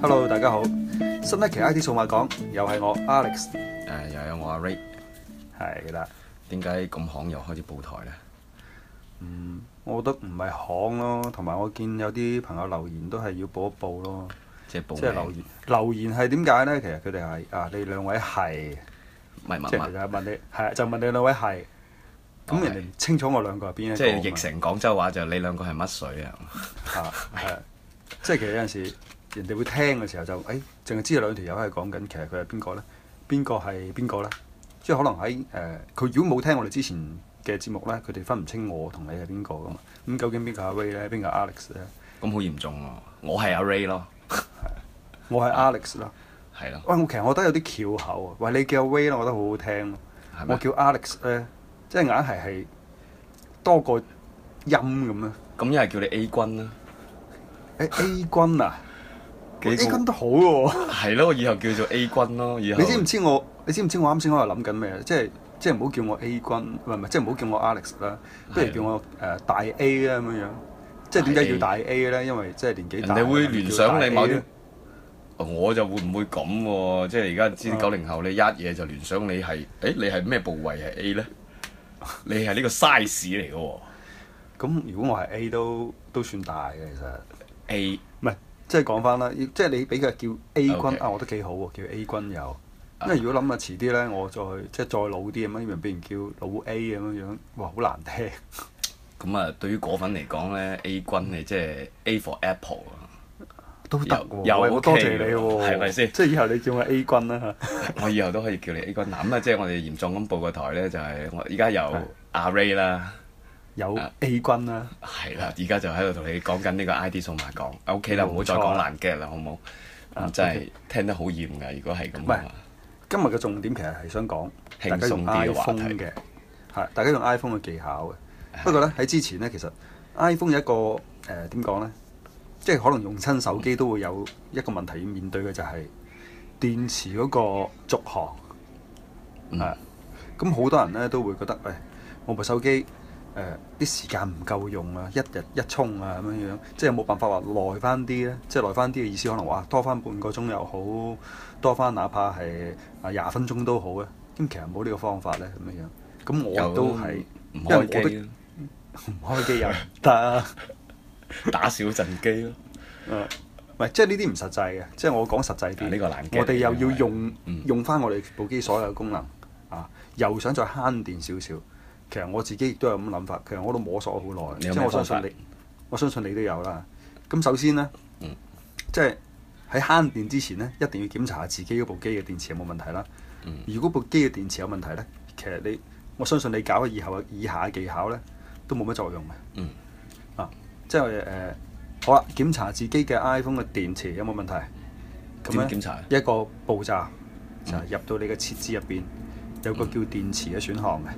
Hello，大家好，新一期 IT 數碼港又係我 Alex，呃，又有我 Ray，係啦，點解咁行又開始報台呢？嗯，我覺得唔係行咯，啊，同埋我見有啲朋友留言都係要報一報咯，啊，即係留言留言係點解咧？其實佢哋係啊，你兩位係問問，是就係問你係麼就問你兩位係，咁是人哋唔清楚我兩個係邊一個即係譯成廣州話就係、你兩個係乜水啊？嚇 係、啊，即係、就係、其實有陣時人哋會聽嘅時候就誒，淨、哎、係知道兩條友係講緊，其實佢係邊個咧？邊個係邊個咧？即係可能喺誒，佢、呃、如果冇聽我哋之前。嘅節目咧，佢哋分唔清我同你係邊個噶嘛？咁究竟邊個阿 Ray 咧，邊個 Alex 咧？咁好嚴重啊！我係阿 Ray 咯，我係 Alex 啦，係咯。喂，我其實我覺得有啲翹口啊！喂，你叫阿 Ray 咧，我覺得好好聽咯。我叫 Alex 咧，即係硬係係多個音咁啊！咁又係叫你 A 君啦？誒 A 君啊，A 君都好喎。係咯，我以後叫做 A 君咯。以後你知唔知我？你知唔知我啱先我度諗緊咩？即係。即係唔好叫我 A 君，唔係唔係，即係唔好叫我 Alex 啦，不如叫我誒的、呃、大 A 啦咁樣樣。即係點解叫大 A 咧？因為即係年紀大。你會聯想你某啲？我就會唔會咁喎、啊？即係而家知啲九零後你一嘢就聯想你係，誒、欸、你係咩部位係 A 咧？你係呢個 size 嚟嘅喎。咁 如果我係 A 都都算大嘅，其實 A 唔係，即係講翻啦，即係你俾佢叫 A 君 Okay. 啊，我都覺得幾好喎，叫 A 君有。因為如果諗啊，遲啲咧，我再即係再老啲咁樣，因為俾人叫老 A 咁樣樣，哇，好難聽。咁啊，對於果粉嚟講咧，A 君你即係 A for Apple 啊，都得有好多謝你喎，係咪先？即係以後你叫我 A 君啦，我以後都可以叫你 A 君。咁啊，即係我哋嚴重咁報個台咧，就係我依家有阿 Ray 啦，有 A 君啦，係啦，而家就喺度同你講緊呢個 I D 數碼講。O K 啦，唔好再講爛 gag 啦，好唔好？咁真係聽得好厭噶。如果係咁今日嘅重點其實係想講，大家用 iPhone 嘅，係大家用 iPhone 嘅技巧嘅。的不過呢，喺之前呢，其實 iPhone 有一個誒點講呢？即係可能用親手機都會有一個問題要面對嘅，就係、係、電池嗰個續航。咁好的多人呢，都會覺得，喂、哎，我部手機。誒啲、呃、時間唔夠用啊，一日一充啊咁樣樣，即係冇辦法話耐翻啲咧，即係耐翻啲嘅意思，可能話多翻半個鐘又好，多翻哪怕係啊廿分鐘都好咧。咁其實冇呢個方法咧咁樣樣，咁我又 都係是，因為我都唔、啊、開機啊，得 打小陣機咯。唔係、嗯、即係呢啲唔實際嘅，即係我講實際啲，呢個難我哋又要用、嗯、用翻我哋部機所有功能啊，又想再慳電少少。其實我自己亦都有咁諗法，其實我都摸索咗好耐，即係我相信你，我相信你都有啦。咁首先咧，嗯、即係喺慳電之前咧，一定要檢查下自己嗰部機嘅電池有冇問題啦。嗯、如果部機嘅電池有問題咧，其實你我相信你搞咗以後以下嘅技巧咧，都冇乜作用嘅。嗯、啊，即係誒、呃，好啦，檢查自己嘅 iPhone 嘅電池有冇問題？點檢查？一個步驟，入到你嘅設置入邊，嗯、有個叫電池嘅選項嘅。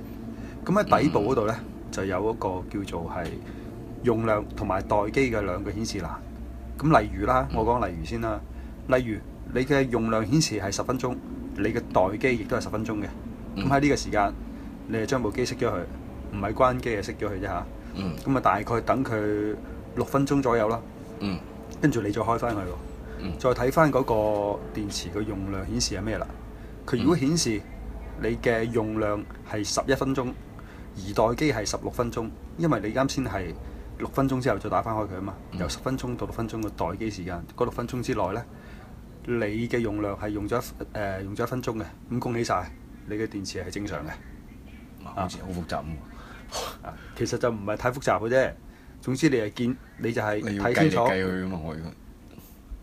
咁喺底部嗰度咧，就有一個叫做係用量同埋待機嘅兩個顯示喇。咁例如啦，我講例如先啦。例如你嘅用量顯示係十分鐘，你嘅待機亦都係十分鐘嘅。咁喺呢個時間，你係將部機熄咗佢，唔係關機就關，係熄咗佢啫吓，咁啊，大概等佢六分鐘左右啦。跟住、嗯、你再開翻佢，嗯、再睇翻嗰個電池嘅用量顯示係咩啦？佢如果顯示你嘅用量係十一分鐘。而待機係十六分鐘，因為你啱先係六分鐘之後再打翻開佢啊嘛，嗯、由十分鐘到六分鐘個待機時間，嗰六分鐘之內咧，你嘅用量係用咗一、呃、用咗一分鐘嘅，咁恭喜晒。你嘅電池係正常嘅。啊，好似好複雜。 其實就唔係太複雜嘅啫，總之你係見你就係睇清楚。你要計嚟計去啊嘛，我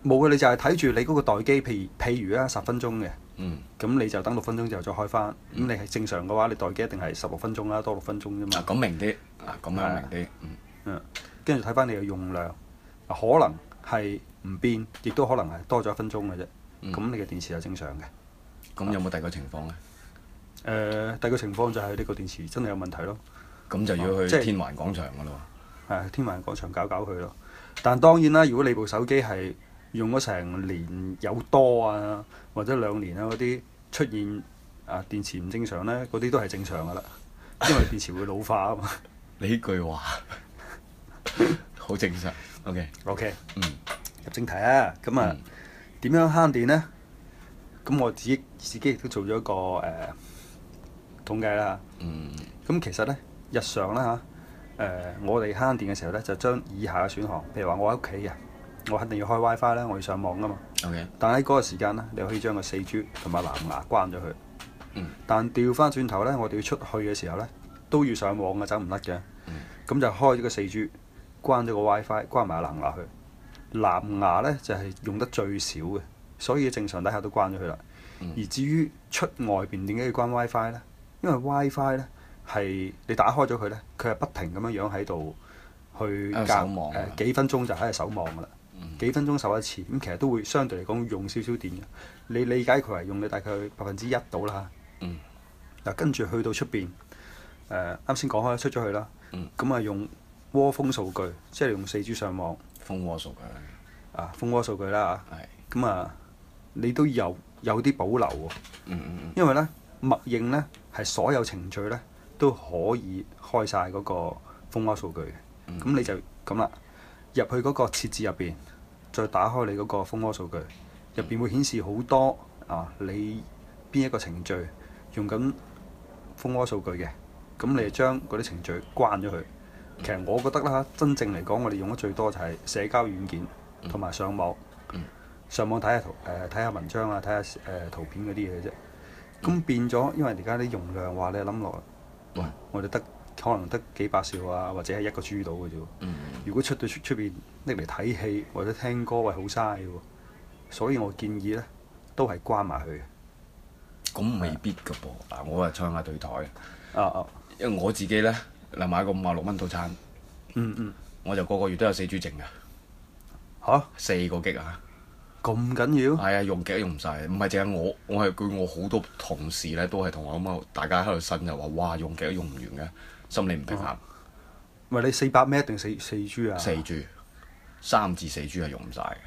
冇嘅，你就係睇住你嗰個待機，譬如譬如啊，十分鐘嘅。嗯，咁你就等六分鐘之後再開翻。咁、嗯、你係正常嘅話，你待機一定係十六分鐘啦，多六分鐘啫嘛。講明啲，啊，講、啊啊啊、明啲。嗯，嗯，跟住睇翻你嘅用量，可能係唔變，亦都可能係多咗一分鐘嘅啫。咁、嗯、你嘅電池係正常嘅。咁、嗯、有冇第二個情況咧？誒、呃，第二個情況就係呢個電池真係有問題咯。咁、嗯、就要去天環廣場噶咯。係、啊就是、天環廣場搞搞佢咯。但係當然啦，如果你部手機係。用咗成年有多啊，或者兩年啊，嗰啲出現啊電池唔正常咧，嗰啲都係正常噶啦，因為電池會老化啊嘛。你呢 句話 好正常。 O.K. O.K. 嗯，入正題啊，咁啊點樣慳電咧？咁我自己自己亦都做咗一個誒、呃、統計啦。嗯。咁其實咧，日常咧嚇誒，我哋慳電嘅時候咧，就將以下嘅選項，譬如話我喺屋企啊。我肯定要開 WiFi 咧，我要上網噶嘛。Okay. 但喺嗰個時間咧，你可以將個四 G 同埋藍牙關咗佢。嗯。但調返轉頭咧，我哋要出去嘅時候咧，都要上網嘅，走唔甩嘅。嗯。咁就開咗個四 G，關咗個 WiFi，關埋藍牙去。藍牙咧就係、是、用得最少嘅，所以正常底下都關咗佢啦。嗯、而至於出外邊點解要關 WiFi 咧？因為 WiFi 咧係你打開咗佢咧，佢係不停咁樣樣喺度去監誒、呃、幾分鐘就喺度守望噶啦。幾分鐘收一次，咁其實都會相對嚟講用少少電嘅。你理解佢係用你大概百分之一到啦。嗱、嗯，跟住去到面、呃、出邊，誒啱先講開出咗去啦。咁啊，用窩蜂數據，即係用四 G 上網。蜂窩數據啊，蜂窩數據啦嚇。咁啊是，你都有有啲保留喎，嗯嗯嗯、因為咧默認咧係所有程序咧都可以開晒嗰個蜂窩數據嘅。咁、嗯嗯、你就咁啦，入去嗰個設置入邊。再打開你嗰個蜂窩數據入邊會顯示好多啊！你邊一個程序用緊蜂窩數據嘅，咁你將嗰啲程序關咗佢。其實我覺得啦，真正嚟講我哋用得最多就係社交軟件同埋上網，嗯、上網睇下圖誒睇下文章啊，睇下誒圖片嗰啲嘢啫。咁變咗，因為而家啲容量話你諗落，喂，嗯，我哋得。可能得幾百兆啊，或者係一個 G 到嘅啫。嗯、如果出到出出邊拎嚟睇戲或者聽歌，係好嘥喎。所以我建議咧，都係關埋佢。咁未必嘅噃嗱，的我係唱下對台啊，啊因為我自己咧，嗱買個五百六蚊套餐，嗯嗯，嗯我就個個月都有四 G 剩嘅吓？啊、四個 G 啊，咁緊要係啊、哎，用極都用唔晒。唔係，淨係我我係據我好多同事咧都係同我咁啊，大家喺度呻就話哇，用極都用唔完嘅。心理唔平衡。唔係你四百咩？定四四 G 啊？四 G，三至四 G 係用唔晒。嘅、啊。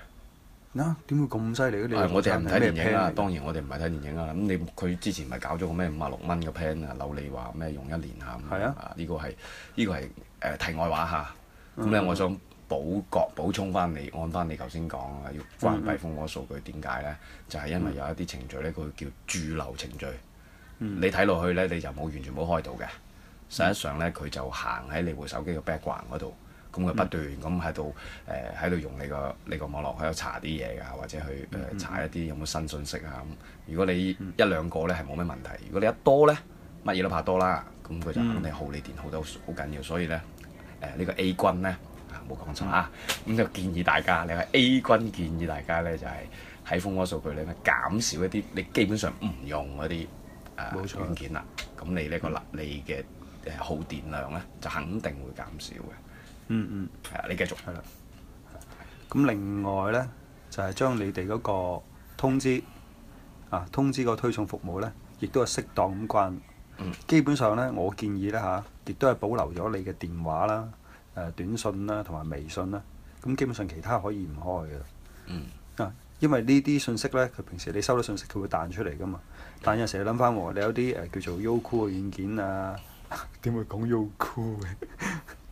嗱，點會咁犀利你、啊、我哋唔睇電影啊！當然我哋唔係睇電影啊。咁你佢之前咪搞咗個咩五百六蚊嘅 plan 啊？扭你話咩用一年啊？呢、啊啊這個係呢、這個係誒、呃、題外話嚇。咁、啊、咧，呢嗯、我想補角補充翻你，按翻你頭先講啊，要關閉蜂窩數據點解呢？嗯、就係因為有一啲程序呢，佢叫駐留程序。你睇落去呢，你就冇完全冇開到嘅。實質上咧，佢就行喺你部手機嘅 background 嗰度，咁佢不斷咁喺度誒喺度用你個你個網絡喺度查啲嘢㗎，或者去誒、呃、查一啲有冇新信息啊。咁如果你一兩個咧係冇咩問題，如果你一多咧，乜嘢都怕多啦，咁佢就肯定耗你電耗得好好緊要。所以咧誒呢、呃這個 A 君咧啊冇講錯啊，咁、嗯啊、就建議大家你係 A 君建議大家咧就係喺蜂窩數據咧減少一啲你基本上唔用嗰啲誒軟件啦，咁、呃錯啊、你呢、這個啦、嗯、你嘅。耗電量咧就肯定會減少嘅。嗯嗯，係啊，你繼續。係啦。咁另外咧，就係將你哋嗰個通知啊，通知個推送服務咧，亦都係適當咁關。嗯。基本上咧，我建議咧嚇，亦都係保留咗你嘅電話啦、短信啦、同埋微信啦。咁基本上其他可以唔開嘅。嗯。啊，因為呢啲信息咧，佢平時你收到信息佢會彈出嚟㗎嘛。但有時你諗翻你有啲誒叫做 Youku 嘅軟件啊。點會講 u 酷嘅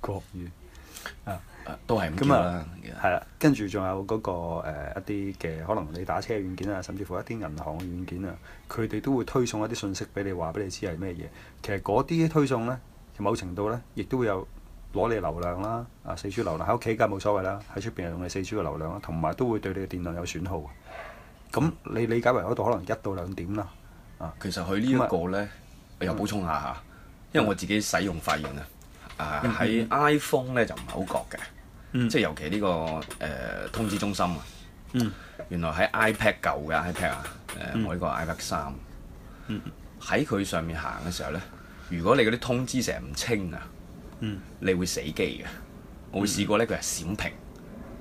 國語，啊啊，都係咁啦，係啦，嗯啊。跟住仲有嗰、嗰個、呃、一啲嘅可能你打車軟件啊，甚至乎一啲銀行嘅軟件啊，佢哋都會推送一啲信息俾你，話俾你知係咩嘢。其實嗰啲推送呢，某程度呢，亦都會有攞你流量啦，啊四 G 流量喺屋企梗冇所謂啦，喺出邊用你四 G 嘅流量啦，同埋都會對你嘅電量有損耗。咁你理解為嗰度可能一到兩點啦。其實佢呢個呢，咧，呃，又補充下因為我自己使用發現啊，誒、呃、喺 iPhone 咧就唔係好覺嘅，嗯、即係尤其呢、呢個誒、呃、通知中心啊。嗯、原來喺 iPad 舊嘅 iPad 啊，誒我呢個 iPad 三喺佢上面行嘅時候咧，如果你嗰啲通知成日唔清啊，嗯、你會死機嘅。我會試過咧，佢係閃屏，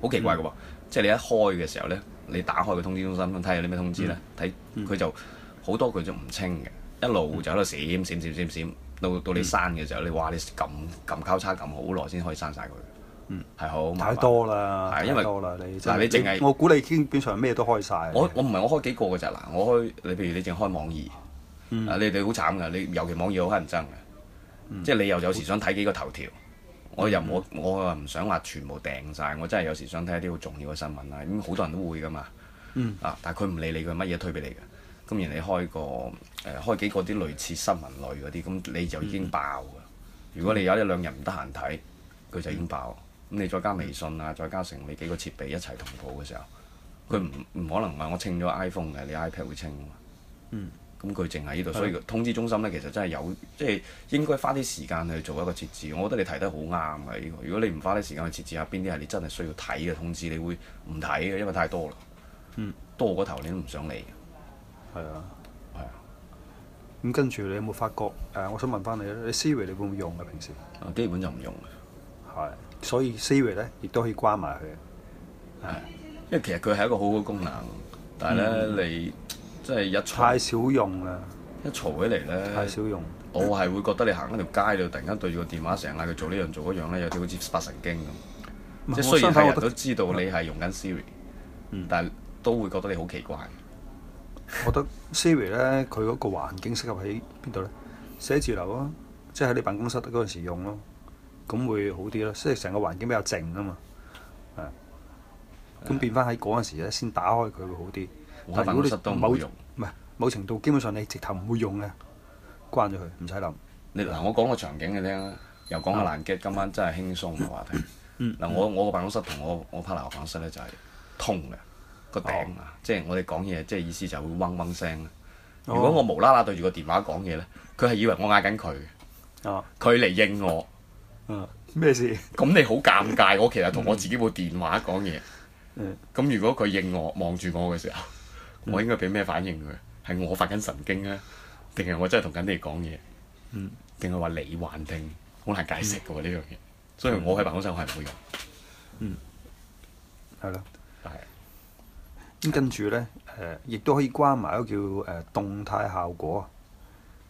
好奇怪嘅喎。嗯、即係你一開嘅時候咧，你打開個通知中心，咁睇下有啲咩通知咧，睇佢、嗯、就好多句都唔清嘅，一路就喺度閃閃閃閃閃。閃閃閃閃閃閃。到到你刪嘅時候，你話，你撳撳交叉撳好耐先可以刪晒佢。嗯，係好。太多啦，太多啦！你但係你淨係我估你已經常咩都開晒。我我唔係我開幾個嘅咋，嗱，我開你譬如你淨開網易。啊！你哋好慘㗎，你尤其網易好乞人憎嘅。即係你又有時想睇幾個頭條，我又冇我啊唔想話全部掟晒，我真係有時想睇一啲好重要嘅新聞啦。咁好多人都會㗎嘛。啊！但係佢唔理你，佢乜嘢推俾你㗎。咁而你開個誒、呃、開幾個啲類似新聞類嗰啲，咁你就已經爆㗎。嗯、如果你有一兩日唔得閒睇，佢、嗯、就已經爆。咁你再加微信啊，嗯、再加成你幾個設備一齊同步嘅時候，佢唔唔可能話我清咗 iPhone 嘅，你 iPad 會清啊嘛。咁佢淨係呢度，嗯、所以通知中心呢，其實真係有，即、就、係、是、應該花啲時間去做一個設置。我覺得你提得好啱㗎，呢、這個。如果你唔花啲時間去設置下邊啲係你真係需要睇嘅通知，你會唔睇嘅，因為太多啦。嗯、多過頭你都唔想理。係啊，係啊。咁跟住你有冇發覺？誒，我想問翻你咧，你 Siri 你會唔會用啊？平時？啊，基本就唔用。係，所以 Siri 咧亦都可以關埋佢。係，因為其實佢係一個好好功能，但係咧你即係一嘈，太少用啦。一嘈起嚟咧，太少用。我係會覺得你行緊條街度，突然間對住個電話成日嗌佢做呢樣做嗰樣咧，有啲好似發神經咁。即係雖然係都知道你係用緊 Siri，但係都會覺得你好奇怪。我覺得 Siri 咧，佢嗰個環境適合喺邊度咧？寫字樓啊，即喺你辦公室嗰陣時用咯，啊，咁會好啲咯，啊。即係成個環境比較靜啊嘛，係。咁的變翻喺嗰陣時咧，先打開佢會好啲。但公室都冇用。唔係，冇程度，基本上你直頭唔會用嘅，關咗佢，唔使諗。你嗱，我講個場景你聽啦，又講下難 g 今晚真係輕鬆嘅話題。嗱，嗯嗯嗯，我我個辦公室同我我 partner 個公室咧就係通嘅。個頂啊！即係我哋講嘢，即係意思就會嗡嗡聲。如果我無啦啦對住個電話講嘢呢，佢係以為我嗌緊佢。佢嚟應我。咩事？咁你好尷尬，我其實同我自己部電話講嘢。嗯。咁如果佢應我望住我嘅時候，我應該俾咩反應佢？係我發緊神經呢？定係我真係同緊你講嘢？定係話你幻聽？好難解釋㗎喎呢樣嘢。所以我喺辦公室我係唔會用。嗯。係咯。跟住呢，誒、呃、亦都可以關埋一個叫誒、呃、動態效果。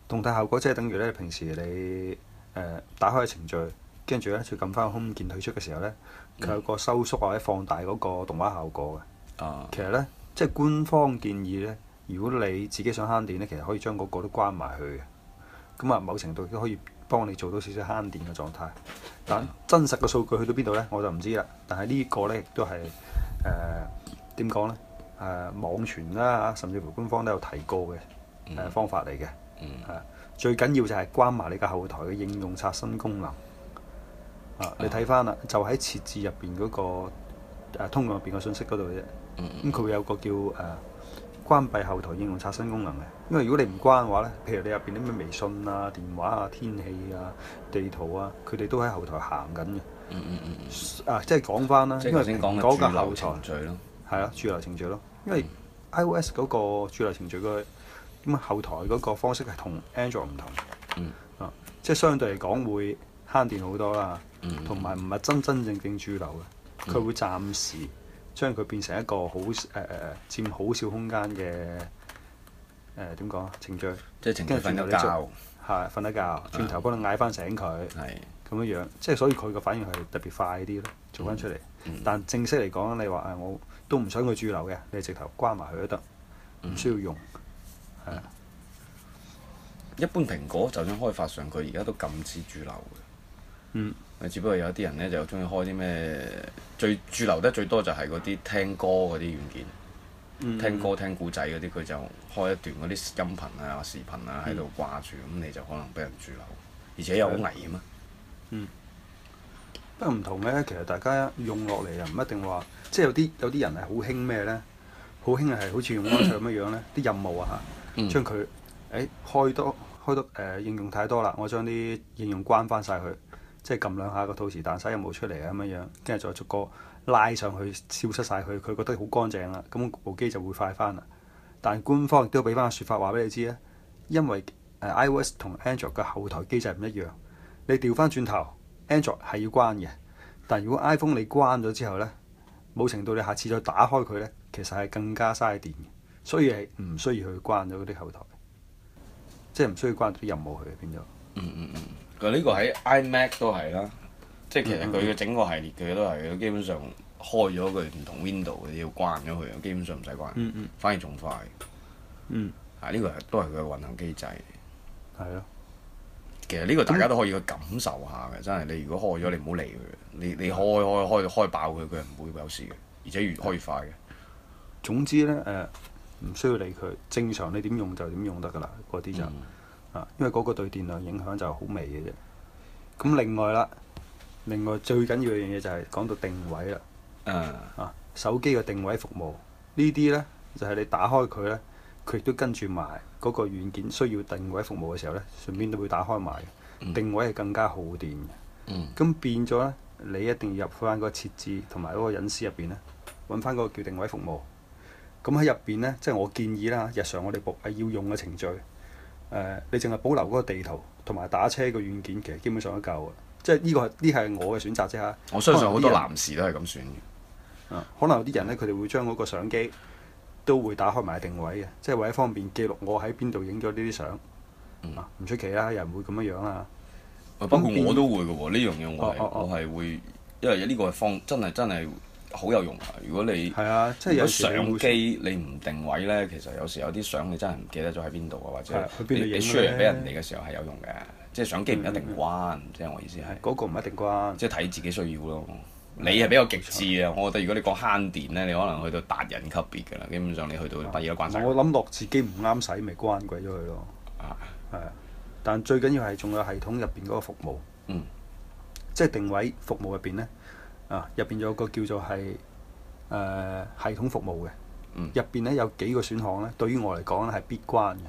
動態效果即係等於咧，平時你誒、呃、打開程序，跟住呢，就撳翻個 Home 鍵退出嘅時候呢，佢有個收縮或者放大嗰個動畫效果嘅。啊、嗯，其實呢，即係官方建議呢，如果你自己想慳電呢，其實可以將嗰個都關埋去嘅。咁啊，某程度都可以幫你做到少少慳電嘅狀態。但真實嘅數據去到邊度呢，我就唔知啦。但係呢個呢，亦都係誒點講呢？誒、啊、網傳啦，甚至乎官方都有提過嘅誒方法嚟嘅。誒，最緊要就係關埋你嘅後台嘅應用刷新功能。Uh. 啊，你睇翻啦，就喺設置入邊嗰個、啊、通用入邊嘅信息嗰度啫。咁佢會有個叫誒、啊、關閉後台應用刷新功能嘅。因為如果你唔關嘅話咧，譬如你入邊啲咩微信啊、電話啊、天氣啊、地圖啊，佢哋都喺後台行緊嘅。嗯嗯、mm hmm. 啊，即係講翻啦，因為嗰個後台咯。嗯係啊，主流程序咯，因為 iOS 嗰個主流程序個咁啊，後台嗰個方式係 And 同 Android 唔同，即係相對嚟講會慳電好多啦，同埋唔係真真正正主流嘅，佢、嗯、會暫時將佢變成一個好誒誒、呃、佔好少空間嘅誒點講程序，跟住然後你瞓一，一覺，一覺嗯、轉頭幫你嗌翻醒佢，咁的樣樣即係所以佢個反應係特別快啲咯，做翻出嚟。嗯、但正式嚟講，你話啊，我、啊。啊啊都唔想佢駐留嘅，你直頭關埋佢都得，唔、嗯、需要用，一般蘋果就算開發上，佢而家都禁止駐留嗯。只不過有啲人呢就中意開啲咩，最駐留得最多就係嗰啲聽歌嗰啲軟件，嗯、聽歌聽古仔嗰啲，佢就開一段嗰啲音頻啊、視頻啊喺度掛住，咁、嗯、你就可能俾人駐留，而且又好危險啊。嗯。不過唔同咧，其實大家用落嚟又唔一定話。即係有啲有啲人係好興咩咧？好興係好似用安卓咁樣樣咧，啲任務啊嚇，嗯、將佢誒、欸、開多開多誒、呃、應用太多啦，我將啲應用關翻晒佢，即係撳兩下個套時彈晒任務出嚟啊咁樣樣，跟住再逐個拉上去消失晒佢，佢覺得好乾淨啦、啊。咁部機就會快翻啦。但官方亦都俾翻個説法話俾你知咧，因為誒 iOS 同 Android 嘅後台機制唔一樣。你調翻轉頭，Android 係要關嘅，但如果 iPhone 你關咗之後咧？冇程度你下次再打開佢咧，其實係更加嘥電嘅，所以係唔需要去關咗嗰啲後台，嗯、即係唔需要關啲任務佢啊變嗯嗯嗯，嗱呢個喺 iMac 都係啦，即、就、係、是、其實佢嘅整個系列佢都係，基本上開咗佢唔同 Window 你要關咗佢，基本上唔使關，反而仲快。 嗯。啊，呢、 啊這個係都係佢嘅運行機制。係咯、啊。其實呢個大家都可以去感受下嘅，那真係你如果開咗，你唔好理佢，你你開開開開爆佢，佢係唔會有事嘅，而且越開越快嘅。總之呢，誒、呃、唔需要理佢，正常你點用就點用得㗎啦，嗰啲就因為嗰個對電量影響就好微嘅啫。咁、啊、另外啦，另外最緊要嘅一樣嘢就係講到定位啦，嗯、啊手機嘅定位服務呢啲呢，就係、是、你打開佢呢。佢亦都跟住埋嗰個軟件需要定位服務嘅時候呢，順便都會打開埋。嗯、定位係更加耗電嘅，咁、嗯、變咗呢，你一定要入翻嗰個設置同埋嗰個隱私入邊呢，揾翻嗰個叫定位服務。咁喺入邊呢，即、就、係、係、我建議啦，日常我哋部係要用嘅程序，呃、你淨係保留嗰個地圖同埋打車嘅軟件，其實基本上都夠嘅。即係呢個係呢係我嘅選擇啫嚇。我相信好多男士都係咁選嘅。嗯、可能有啲人呢，佢哋會將嗰個相機。都會打開埋定位嘅，即係為咗方便記錄我喺邊度影咗呢啲相唔出、嗯、奇啦，又唔會咁樣樣啦。啊、嗯，包括我都會嘅喎，呢樣嘢我係、哦哦哦、我係會，因為呢個係方真係真係好有用啊！如果你係啊，即係有相機你唔定位咧，其實有時有啲相你真係唔記得咗喺邊度啊，或者你、啊、你 share 俾人哋嘅時候係有用嘅，即係相機唔一定關，即係、嗯、我意思係。嗰、嗯嗰個唔一定關，即係睇自己需要咯。你係比較極致啊！錯我覺得如果你講慳電咧，你可能去到達人級別噶啦。基本上你去到第二個關。我諗落自己唔啱使，咪關鬼咗佢咯。啊，係。但最緊要係仲有系統入邊嗰個服務。嗯。即係定位服務入邊咧，啊入邊有個叫做係誒、呃、系統服務嘅。入邊咧有幾個選項咧，對於我嚟講咧係必關嘅。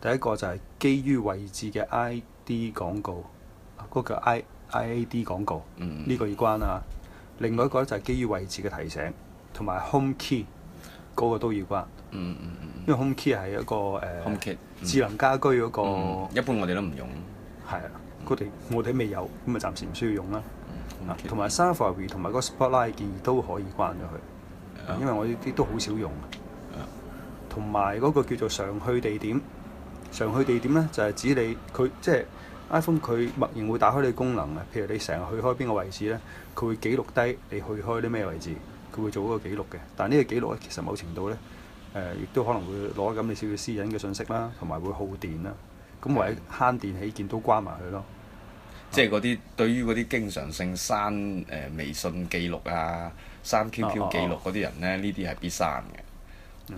第一個就係基於位置嘅 I D 廣告，嗰、那個叫 I I D 廣告，呢、嗯、個要關啊。另外一個咧就係基於位置嘅提醒，同埋 Home Key，嗰個都要關。嗯嗯嗯。因為 Home Key 係一個誒智能家居嗰個。一般我哋都唔用。係啊，我哋我哋未有，咁啊暫時唔需要用啦。同埋 Safari 同埋嗰個 Spotlight 建議都可以關咗佢，因為我呢啲都好少用。同埋嗰個叫做常去地點，常去地點咧就係指你佢即係。iPhone 佢默認會打開你個功能嘅，譬如你成日去開邊個位置呢？佢會記錄低你去開啲咩位置，佢會做一個記錄嘅。但係呢個記錄咧，其實某程度呢，誒、呃、亦都可能會攞緊你少少私隱嘅信息啦，同埋會耗電啦。咁或者慳電起見，都關埋佢咯。的啊、即係嗰啲對於嗰啲經常性刪誒、呃、微信記錄啊、刪 QQ 記錄嗰啲人呢，呢啲係必刪嘅。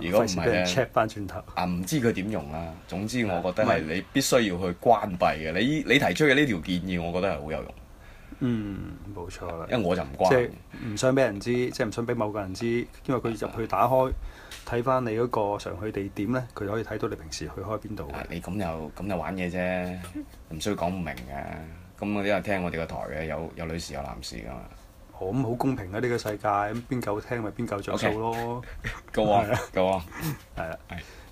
如果唔 check 返轉頭，啊唔知佢點用啦、啊。總之我覺得係你必須要去關閉嘅。你你提出嘅呢條建議，我覺得係好有用。嗯，冇錯啦。因為我就唔關，即係唔想俾人知，啊、即係唔想俾某個人知，因為佢入去打開睇翻、啊、你嗰個常去地點咧，佢就可以睇到你平時去開邊度。你咁又咁又玩嘢啫，唔需要講唔明嘅。咁我啲又聽我哋個台嘅，有有女士有男士噶嘛。咁好公平啊！呢、哦、個世界，咁邊夠聽咪邊夠着數咯。夠啊、okay. 的，夠啊的，係啦。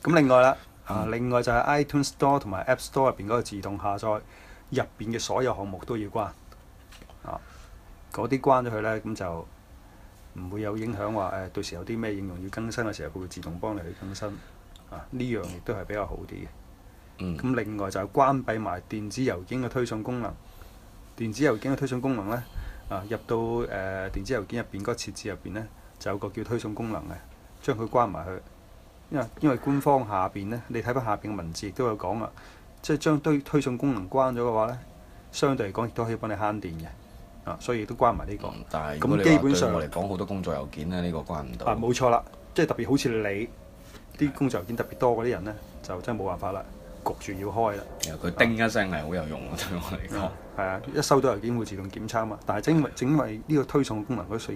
咁另外啦，mm. 啊，另外就係 iTunes Store 同埋 App Store 入邊嗰個自動下載入邊嘅所有項目都要關嗰啲、啊、關咗佢呢，咁就唔會有影響。話、呃、誒，到時有啲咩應用要更新嘅時候，佢會自動幫你去更新啊。呢樣亦都係比較好啲嘅。咁、mm. 另外就係關閉埋電子郵件嘅推送功能。電子郵件嘅推送功能呢。啊！入到誒、呃、電子郵件入邊嗰個設置入邊呢，就有個叫推送功能嘅，將佢關埋佢。因為因為官方下邊呢，你睇翻下邊嘅文字亦都有講啦，即係將堆推送功能關咗嘅話呢，相對嚟講亦都可以幫你慳電嘅。啊，所以都關埋呢個。嗯、但係，咁基本上對我嚟講，好、嗯、多工作郵件呢，呢個關唔到。啊，冇錯啦，即係特別好似你啲的工作郵件特別多嗰啲人呢，就真係冇辦法啦。焗住要開啦！然後佢叮一聲係好有用， 對我嚟講。係啊，啊，一收到郵件會自動檢測啊嘛！但係因為因為呢個推送嘅功能，佢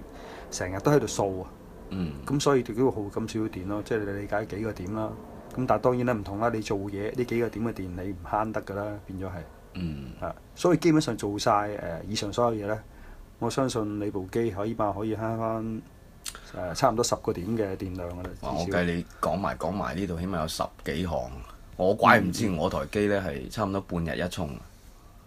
成日都喺度掃啊。嗯。咁所以條幾個號咁少電咯，即係你理解幾個點啦。咁但係當然咧唔同啦，你做嘢呢幾個點嘅電你唔慳得㗎啦，變咗係。嗯。啊，所以基本上做晒誒、呃、以上所有嘢咧，我相信你部機可以話可以慳翻誒差唔多十個點嘅電量㗎啦。我計你講埋講埋呢度，起碼有十幾行。我怪唔知我台機呢係差唔多半日一充。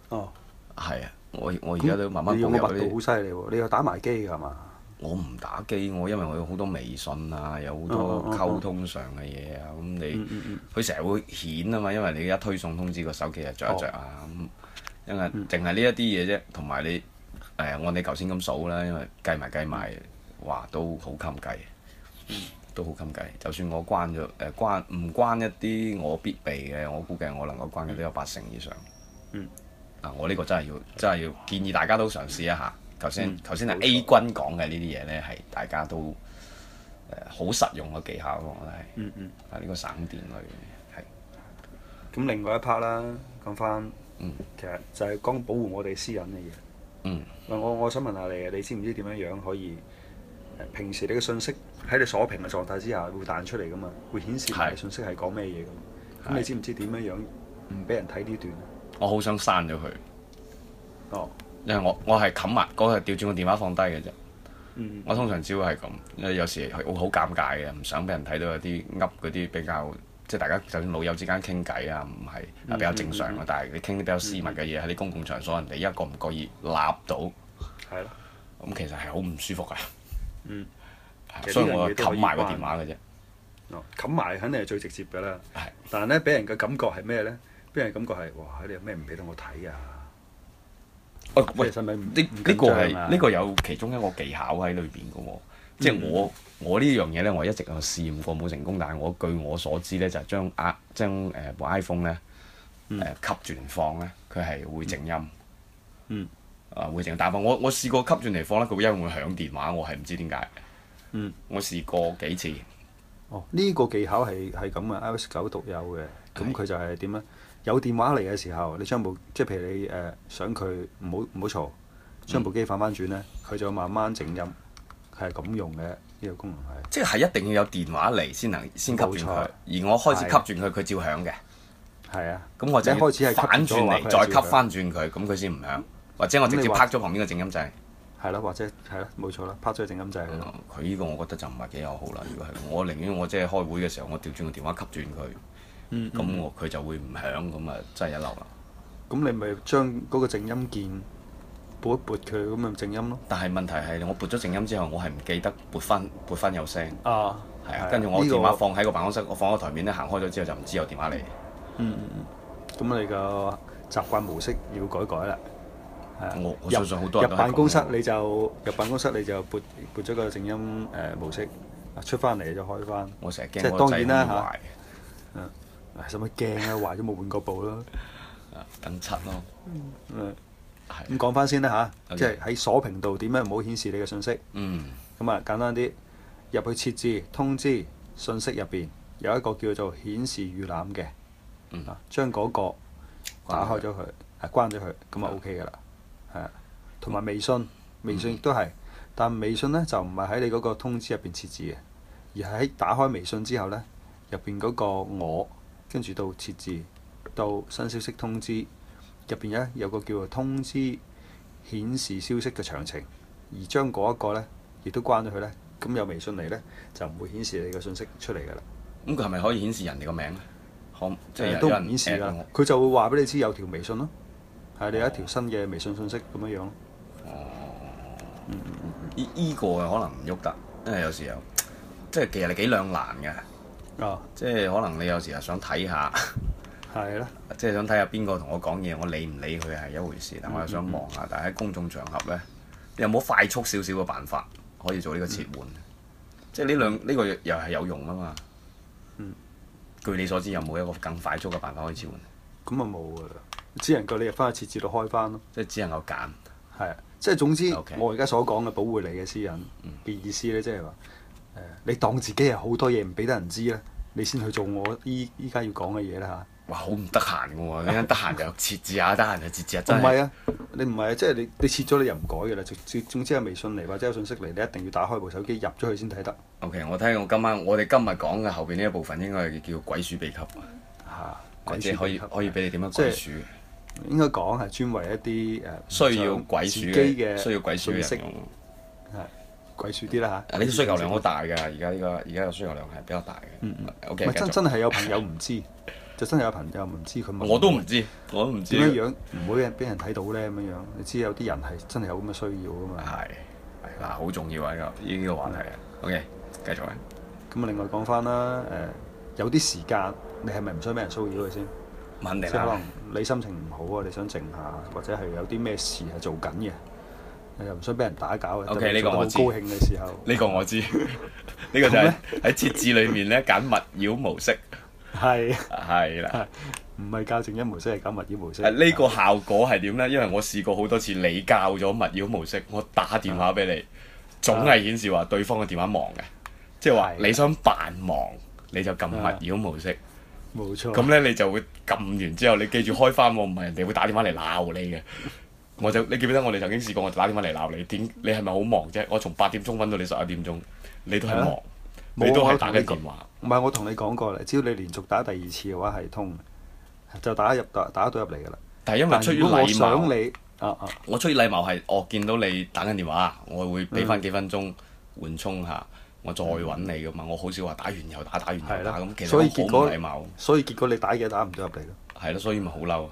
哦。係啊，我我而家都慢慢降嗰啲。你用好犀利喎，你又打埋機㗎嘛？我唔打機，我因為我有好多微信啊，有好多溝通上嘅嘢啊，咁、哦哦哦、你佢成日會顯啊嘛，因為你一推送通知個手機啊着一着啊，咁、哦嗯嗯、因為淨係呢一啲嘢啫，同埋你誒、呃、按你頭先咁數啦，因為計埋計埋，哇、嗯、都好襟計。嗯都好襟計，就算我關咗誒關唔關一啲我必備嘅，我估計我能夠關嘅都有八成以上。嗯。嗱、啊，我呢個真係要真係要建議大家都嘗試一下。頭先頭先係 A 君講嘅呢啲嘢呢，係大家都好、呃、實用嘅技巧咯，我覺得係、嗯。嗯嗯。啊！呢、呢個省電類嘅係。咁另外一 part 啦，講翻。嗯。其實就係講保護我哋私隱嘅嘢。嗯。我我想問下你你知唔知點樣樣可以平時你嘅信息？喺你鎖屏嘅狀態之下，會彈出嚟噶嘛？會顯示埋信息係講咩嘢咁？咁是你知唔知點樣樣唔俾人睇呢段？我好想刪咗佢。哦，因為我我係冚埋，嗰、嗰個調轉個電話放低嘅啫。嗯、我通常只會係咁，因為有時係我好尷尬嘅，唔想俾人睇到一啲噏嗰啲比較，即係大家就算老友之間傾偈啊，唔係、嗯、比較正常咯。嗯嗯嗯、但係你傾啲比較私密嘅嘢喺啲公共場所，人哋一個唔覺意立到，係咯，咁其實係好唔舒服噶。嗯。所以我冚埋個電話嘅啫。冚埋、哦、肯定係最直接嘅啦。係是，但係咧，俾人嘅感覺係咩咧？俾人嘅感覺係哇，你有咩唔俾得我睇啊？啊喂，呢呢你、啊、個係呢、呢個有其中一個技巧喺裏邊嘅喎。即、就、係、是、我、嗯、我呢樣嘢咧，我一直又試驗過冇成功，但係我據我所知咧，就係、是、將啊將誒 iPhone 咧誒吸住放咧，佢係會靜音。啊，呃嗯、會靜音，但、嗯啊、我我，我試過吸住嚟放咧，佢一樣會響電話，我係唔知點解。嗯，我試過幾次。哦，呢、這個技巧係係咁啊，iOS 九獨有嘅。咁佢的就係點咧？有電話嚟嘅時候，你將部即係譬如你誒、呃、想佢唔好唔好嘈，將部機反翻轉咧，佢、嗯、就慢慢靜音。係咁用嘅呢、這個功能係。即係一定要有電話嚟先能先吸轉佢。錯而我開始吸轉佢，佢照響嘅。係啊的。咁或者開始係反轉嚟，再吸翻轉佢，咁佢先唔響。或者我直接拍咗旁邊個靜音掣。係咯，或者係咯，冇錯啦，拍咗個靜音掣。佢呢、嗯、個我覺得就唔係幾友好啦。如果係我寧願我即係開會嘅時候，我調轉個電話吸轉佢。嗯。咁我佢、嗯、就會唔響，咁啊真係一流啦。咁你咪將嗰個靜音鍵撥一撥佢，咁咪靜音咯。但係問題係，我撥咗靜音之後，我係唔記得撥翻撥翻有聲。啊。係啊的，的跟住我電話、這個、放喺個辦公室，我放喺台面咧，行開咗之後就唔知有電話嚟。嗯咁你個習慣模式要改改啦。我我相信好多，入辦公室你就入辦公室你就撥撥咗個靜音誒模式，出翻嚟就開翻。我成日驚個仔壞。嗯，使乜驚啊？壞咗冇換過部咯，等拆咯。嗯，咁講翻先啦嚇，即係喺鎖屏度點樣唔好顯示你嘅信息？嗯，咁啊簡單啲，入去設置通知信息入邊有一個叫做顯示預覽嘅，嗯，將嗰個打開咗佢，係關咗佢，咁啊 O K 噶啦。係，同埋微信，微信亦都係，但微信呢，就唔係喺你嗰個通知入邊設置嘅，而係喺打開微信之後呢，入邊嗰個我跟住到設置到新消息通知入邊呢，有個叫做通知顯示消息嘅詳情，而將嗰一個呢，亦都關咗佢呢。咁有微信嚟呢，就唔會顯示你嘅信息出嚟㗎啦。咁佢係咪可以顯示人哋個名咧？好，即係都唔顯示啦，佢就會話俾你知有條微信咯。係你有一條新嘅微信信息咁樣樣咯。哦，嗯依依個可能唔喐得，因為有時候即係其實你幾兩難嘅。哦。即係可能你有時候想睇下。係咯。即係想睇下邊個同我講嘢，我理唔理佢係一回事，但我又想望下。但係喺公眾場合咧，你有冇快速少少嘅辦法可以做呢個切換？即係呢兩呢個又係有用啊嘛。嗯。據你所知，有冇一個更快速嘅辦法可以切換？咁啊冇啦。只能夠你入翻去設置度開翻咯，即係只能夠揀。係啊，即係總之，我而家所講嘅保護你嘅私隱嘅意思咧，即係話誒，你當自己係好多嘢唔俾得人知啦，你先去做我依依家要講嘅嘢啦吓？哇，好唔得閒嘅喎，你得閒就設置下，得閒就設置下真係。唔係啊，你唔係啊，即係你你設咗你又唔改嘅啦。總之係微信嚟或者有信息嚟，你一定要打開部手機入咗去先睇得。O K，我聽我今晚我哋今日講嘅後邊呢一部分應該係叫鬼鼠秘笈啊，或者可以可以俾你點樣鬼鼠？應該講係專為一啲誒需要鬼鼠機嘅需要鬼鼠嘅用，係鬼鼠啲啦嚇。啊！啲需求量好大㗎，而家呢個而家個需求量係比較大嘅。唔係真真係有朋友唔知，就真係有朋友唔知佢。我都唔知，我都唔知。咁樣樣唔會俾人睇到咧，咁樣樣你知有啲人係真係有咁嘅需要㗎嘛？係嗱，好重要啊！呢個呢個話題啊，OK，繼續嚟。咁啊，另外講翻啦，誒，有啲時間你係咪唔想俾人騷擾佢先？唔肯定啦，即係可能你心情唔好啊，你想靜下，或者係有啲咩事係做緊嘅，你又唔想俾人打攪嘅。O K，呢個我知。高興嘅時候，呢個我知，呢個就係喺設置裏面咧，揀勿擾模式。係的。係啦。唔係教靜音模式，係揀勿擾模式。呢、啊呢個效果係點咧？因為我試過好多次，你教咗勿擾模式，我打電話俾你，啊、總係顯示話對方嘅電話忙嘅，即係話你想扮忙，你就撳勿擾模式。冇錯。咁咧你就會撳完之後，你記住開翻喎，唔係人哋會打電話嚟鬧你嘅。我就你記唔記得我哋曾經試過我就打電話嚟鬧你？點你係咪好忙啫？我從八點鐘搵到你十一點鐘，你都係忙，的你都係打緊電話。唔係我同你講過啦，只要你連續打第二次嘅話係通，就打入打打到入嚟㗎啦。但係因為出於禮貌，我你我出於禮貌係、啊啊，我見到你打緊電話，我會俾翻幾分鐘緩、嗯、衝下。我再揾你噶嘛，我好少話打完又打，打完又打咁。其實我好唔禮貌。所以結果你打嘅，打唔到入嚟咯。係咯，所以咪好嬲呀。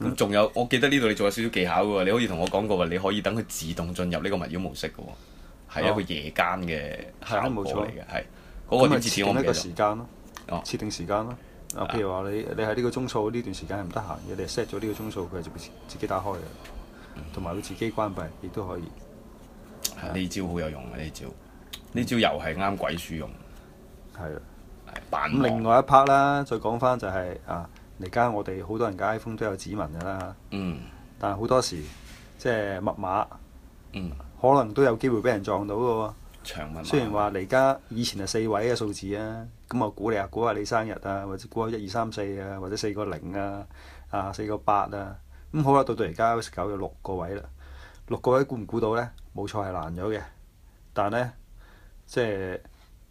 咁仲有，我記得呢度你仲有少少技巧噶喎，你可以同我講過話，你可以等佢自動進入呢個勿擾模式噶喎，係一個夜間嘅效果嚟嘅，係。嗰個就設定一個時間咯，設定時間咯。啊，譬如話你你喺呢個鐘數呢段時間係唔得閒嘅，你 set 咗呢個鐘數，佢係自自己打開嘅，同埋佢自己關閉，亦都可以。呢招好有用嘅呢招。呢招又係啱鬼鼠用，係咯的，咁磨另外一 part 啦，再講翻就係、是、啊，嚟家我哋好多人嘅 iPhone 都有指紋㗎啦，嗯，但係好多時即係密碼，嗯，可能都有機會俾人撞到㗎喎。長密碼雖然話嚟家以前係四位嘅數字啊，咁我估你啊估下你生日啊，或者估下一二三四啊，或者四個零啊，啊四個八啊，咁、嗯、好啦，到到而家 i p 九有六個，六個位啦，六個位估唔估到呢？冇錯係難咗嘅，但係咧。即係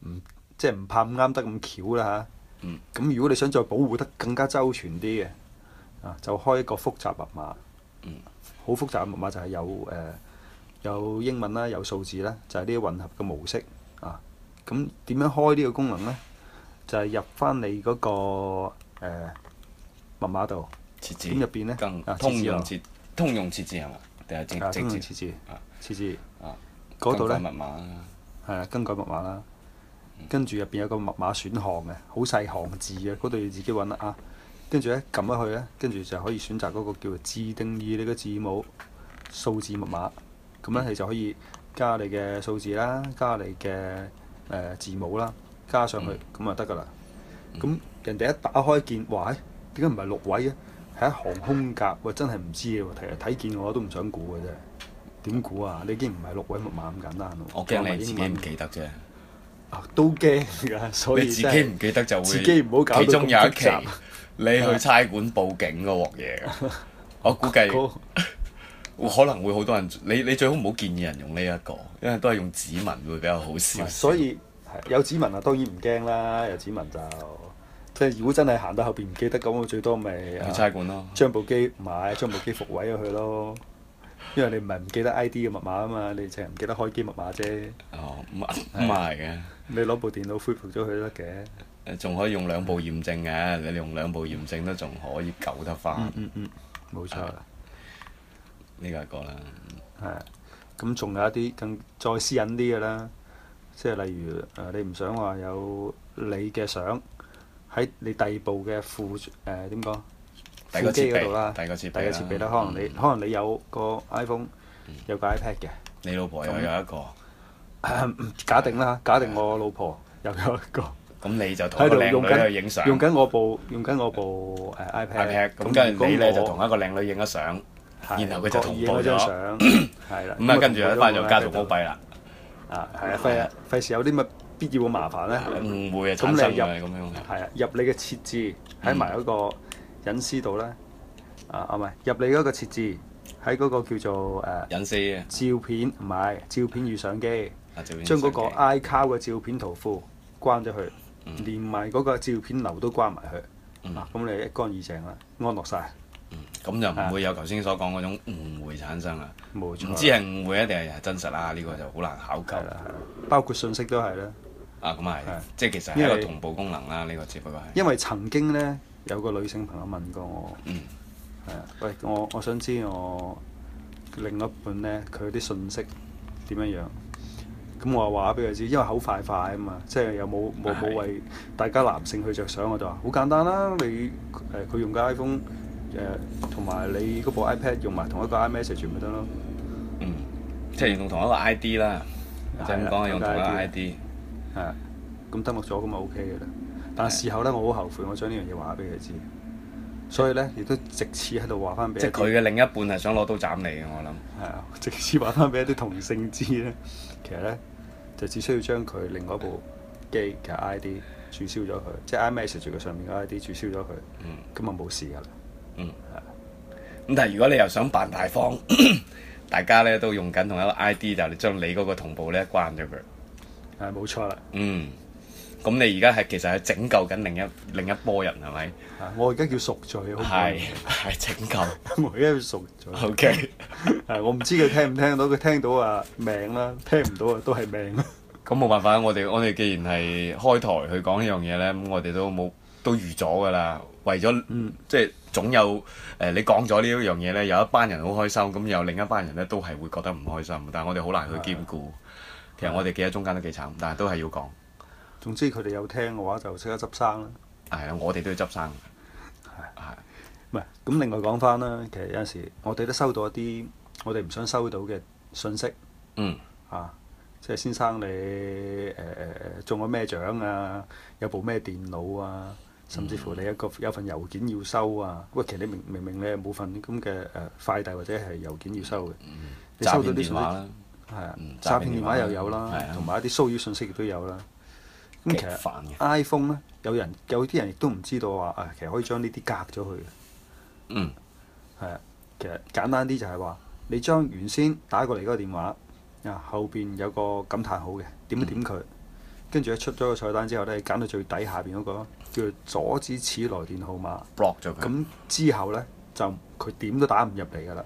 唔即係唔怕咁啱得咁巧啦嚇。咁、啊、如果你想再保護得更加周全啲嘅，啊，就開一個複雜密碼。好、嗯、複雜嘅密碼就係有誒、呃、有英文啦，有數字啦，就係、是、啲混合嘅模式。啊，咁點樣，樣開呢個功能咧？就係、是、入翻你嗰、那個、呃、密碼度。設置。咁入邊咧？通用、啊。通用設置係嘛？定係直直接？啊，設置。啊。嗰度咧？係啊，更改密碼啦，跟住入邊有個密碼選項嘅，好細行字嘅，嗰度要自己揾啦啊。跟住咧，撳落去咧，跟住就可以選擇嗰個叫做自定義你嘅字母數字密碼。咁咧你就可以加你嘅數字啦，加你嘅誒、呃、字母啦，加上去咁、嗯、就得㗎啦。咁、嗯、人哋一打開見，哇！點解唔係六位嘅？係一行空格，呃、真我真係唔知喎。其實睇見我都唔想估嘅啫。點估啊？你已經唔係六位密碼咁簡單咯。我驚你自己唔記得啫。啊，都驚㗎，所以你自己唔記得就會。自己唔好搞。其中有一期，你去差館報警個鑊嘢，我估計可能會好多人。你你最好唔好建議人用呢一個，因為都係用指紋會比較好笑。所以有指紋啊，當然唔驚啦。有指紋就即係如果真係行到後邊唔記得咁，我最多咪去差館咯，將部機買，將部機復位咗佢咯。因為你唔係唔記得 ID 嘅密碼啊嘛，你凈係唔記得開機密碼啫。哦，咁啊，係嘅。 你攞部電腦恢復咗佢都得嘅。仲可以用兩步驗證嘅，啊，你用兩步驗證都仲可以救得翻，嗯。嗯嗯，冇錯。呢、啊這個一個啦。係咁，仲有一啲更，更再私隱啲嘅啦，即係例如誒、呃，你唔想話有你嘅相喺你第二部嘅副誒點講？呃第個設備，第個設備啦，可能你可能你有個 iPhone，有個 iPad 嘅。你老婆又有一個假定啦，假定我老婆又有一個。咁你就同個靚女去影相，用緊我部，用緊我部誒 iPad。咁跟住你咧就同一個靚女影咗相，然後佢就同步咗相，係啦。咁啊，跟住一班就家嘈屋閉啦。啊，係啊，費啊，費事有啲乜必要麻煩咧？唔會啊，產生嘅係咁樣嘅。係啊，入你嘅設置，喺埋嗰個。隱私度咧，啊啊唔係入嚟嗰個設置，喺嗰個叫做誒隱、啊、私照片，唔係照片與相機，將嗰個 iCloud 嘅照片圖庫關咗佢，嗯、連埋嗰個照片流都關埋佢，咁、嗯啊、你一乾二淨啦，安樂晒，嗯，咁就唔會有頭先所講嗰種誤會產生啦，冇唔錯知係誤會啊定係真實啦，呢、這個就好難考究，包括信息都係咧，啊咁係的，即係其實係一個同步功能啦，呢個只不過係，因為曾經呢。有個女性朋友問過我，係啊，喂，我我想知我另一半咧佢啲信息點樣樣？咁我話話俾佢知，因為口快快啊嘛，即係又冇冇冇為大家男性去着想，我就話好簡單啦，你誒佢、呃、用嘅 iPhone 誒、呃、同埋你嗰部 iPad 用埋同一個 iMessage 咪得咯？嗯，即係的用同一個 ID 啦，即係唔用同一個 ID，係，咁、嗯、登錄咗咁咪 OK 嘅啦。但係事後咧，嗯、我好後悔，我將呢樣嘢話俾佢知，所以咧亦都藉此喺度話翻俾即係佢嘅另一半係想攞刀斬你嘅，我諗係啊，藉此話翻俾一啲同性知咧，其實咧就只需要將佢另外一部機嘅 I D 註銷咗佢，即係 iMessage 上面嘅 I D 註銷咗佢。嗯，咁就冇事噶啦。嗯，係的。咁但係如果你又想扮大方， 大家咧都用緊同一個 I D，就你將你嗰個同步咧關咗佢。係冇錯啦。嗯。嗯。咁、嗯、你而家係其實係拯救緊另一另一波人係咪、啊？我而家叫贖罪。係係是、嗯、拯救。 我而家叫贖罪。O K，誒我唔知佢聽唔聽到，佢聽到啊命啦、啊，聽唔到啊都係命啦、啊。咁冇、啊、辦法，我哋我哋既然係開台去講呢樣嘢呢，咁我哋都冇都預咗㗎啦。為咗即係總有誒、呃、你講咗呢一樣嘢呢，有一班人好開心，咁有另一班人呢，都係會覺得唔開心，但係我哋好難去兼顧。的其實我哋記得中間都幾慘，但係都係要講。總之佢哋有聽嘅話就即刻執生啦。係啊，我哋都要執生。係的。係的。唔係咁，另外講翻啦。其實有陣時我哋都收到一啲我哋唔想收到嘅信息。嗯。啊，即係先生你誒誒、呃、中咗咩獎啊？有部咩電腦啊？甚至乎你一個有份郵件要收啊？喂，其實你明明明你冇份咁嘅誒快遞或者係郵件要收嘅。嗯。詐騙電話啦。啊、嗯。詐騙電話又有啦，同埋一啲騷擾信息亦都有啦。咁其實 iPhone 咧，有人有啲人亦都唔知道話，誒、哎，其實可以將呢啲隔咗佢嘅。嗯。係啊。其實簡單啲就係話，你將原先打過嚟嗰個電話，啊，後邊有個感嘆號嘅，點一點佢，跟住、嗯、一出咗個菜單之後咧，你揀到最底下邊嗰、嗰個，叫阻止此來電號碼，block 咗佢。咁之後咧就佢點都打唔入嚟㗎啦。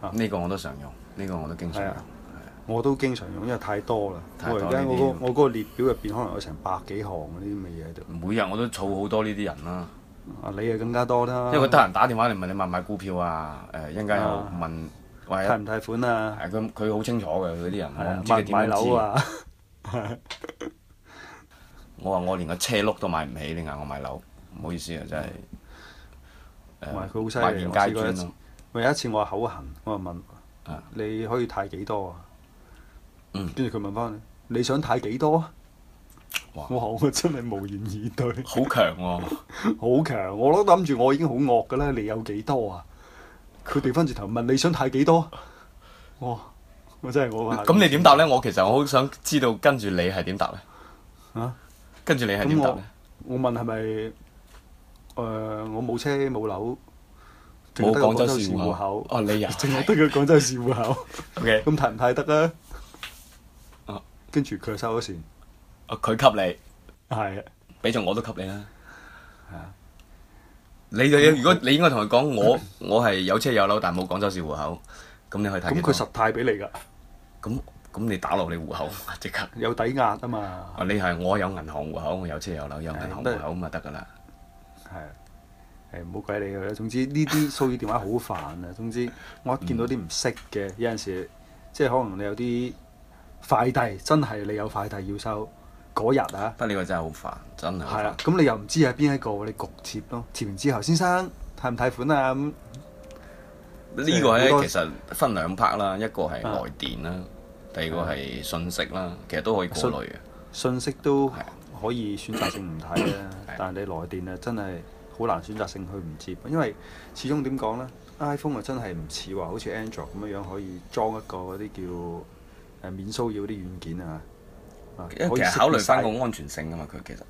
啊！呢個我都常用，呢、呢個我都經常。我都經常用，因為太多啦。我而家我我嗰個列表入邊，可能有成百幾行嗰啲咁嘅嘢喺度。每日我都儲好多呢啲人啦。啊，你啊更加多啦。因為佢得閒打電話嚟問你買唔買股票啊？誒，一陣間又問話貸唔貸款啊？係佢佢好清楚嘅，佢啲人買唔買樓啊？我話我連個車轆都買唔起，你嗌我買樓，唔好意思啊，真係。同埋佢好犀利。我試過一次，喂，有一次我口痕，我就問，你可以貸幾多啊？跟住佢問翻你，你想貸幾多？哇！我真係無言以對。好強喎，好強！我都諗住我已經好惡㗎啦，你有幾多啊？佢哋翻轉頭問你想貸幾多？哇！我真係我咁你點答咧？我其實我好想知道跟住你係點答咧？嚇、啊？跟住你係點答咧？我問係咪？誒、呃，我冇車冇樓，冇廣州市戶口。哦、啊，你呀？淨係得個廣州市戶口。 OK，咁睇唔睇得啊？跟住佢收咗錢，啊佢給你，係，俾咗我都給你啦，係啊，你嘅，如果你應該同佢講，我我係有車有樓，但冇廣州市戶口，咁你去睇。咁佢實貸俾你噶，咁咁你打落你戶口即刻。有抵押啊嘛。啊你係我有銀行戶口，我有車有樓有銀行戶口咁啊得噶啦。係，誒冇鬼理佢啦。總之呢啲騷擾電話好煩啊。總之我一見到啲唔識嘅有陣時，即係可能你有啲。快遞真係你有快遞要收嗰日啊！不過呢個真係好煩，真係。係啦，咁你又唔知係邊一個，你焗接咯。接完之後，先生貸唔貸款啊？咁呢、這個咧其實分兩 part 啦，一個係來電啦，啊、第二個係信息啦，嗯、其實都可以過濾嘅。信息都可以選擇性唔睇啦，的但係你來電咧真係好難選擇性去唔接，因為始終點講咧，iPhone 啊真係唔似話好似 Android 咁樣樣可以裝一個嗰啲叫。誒免騷擾啲軟件啊，因為其實考慮翻個安全性啊嘛，佢其實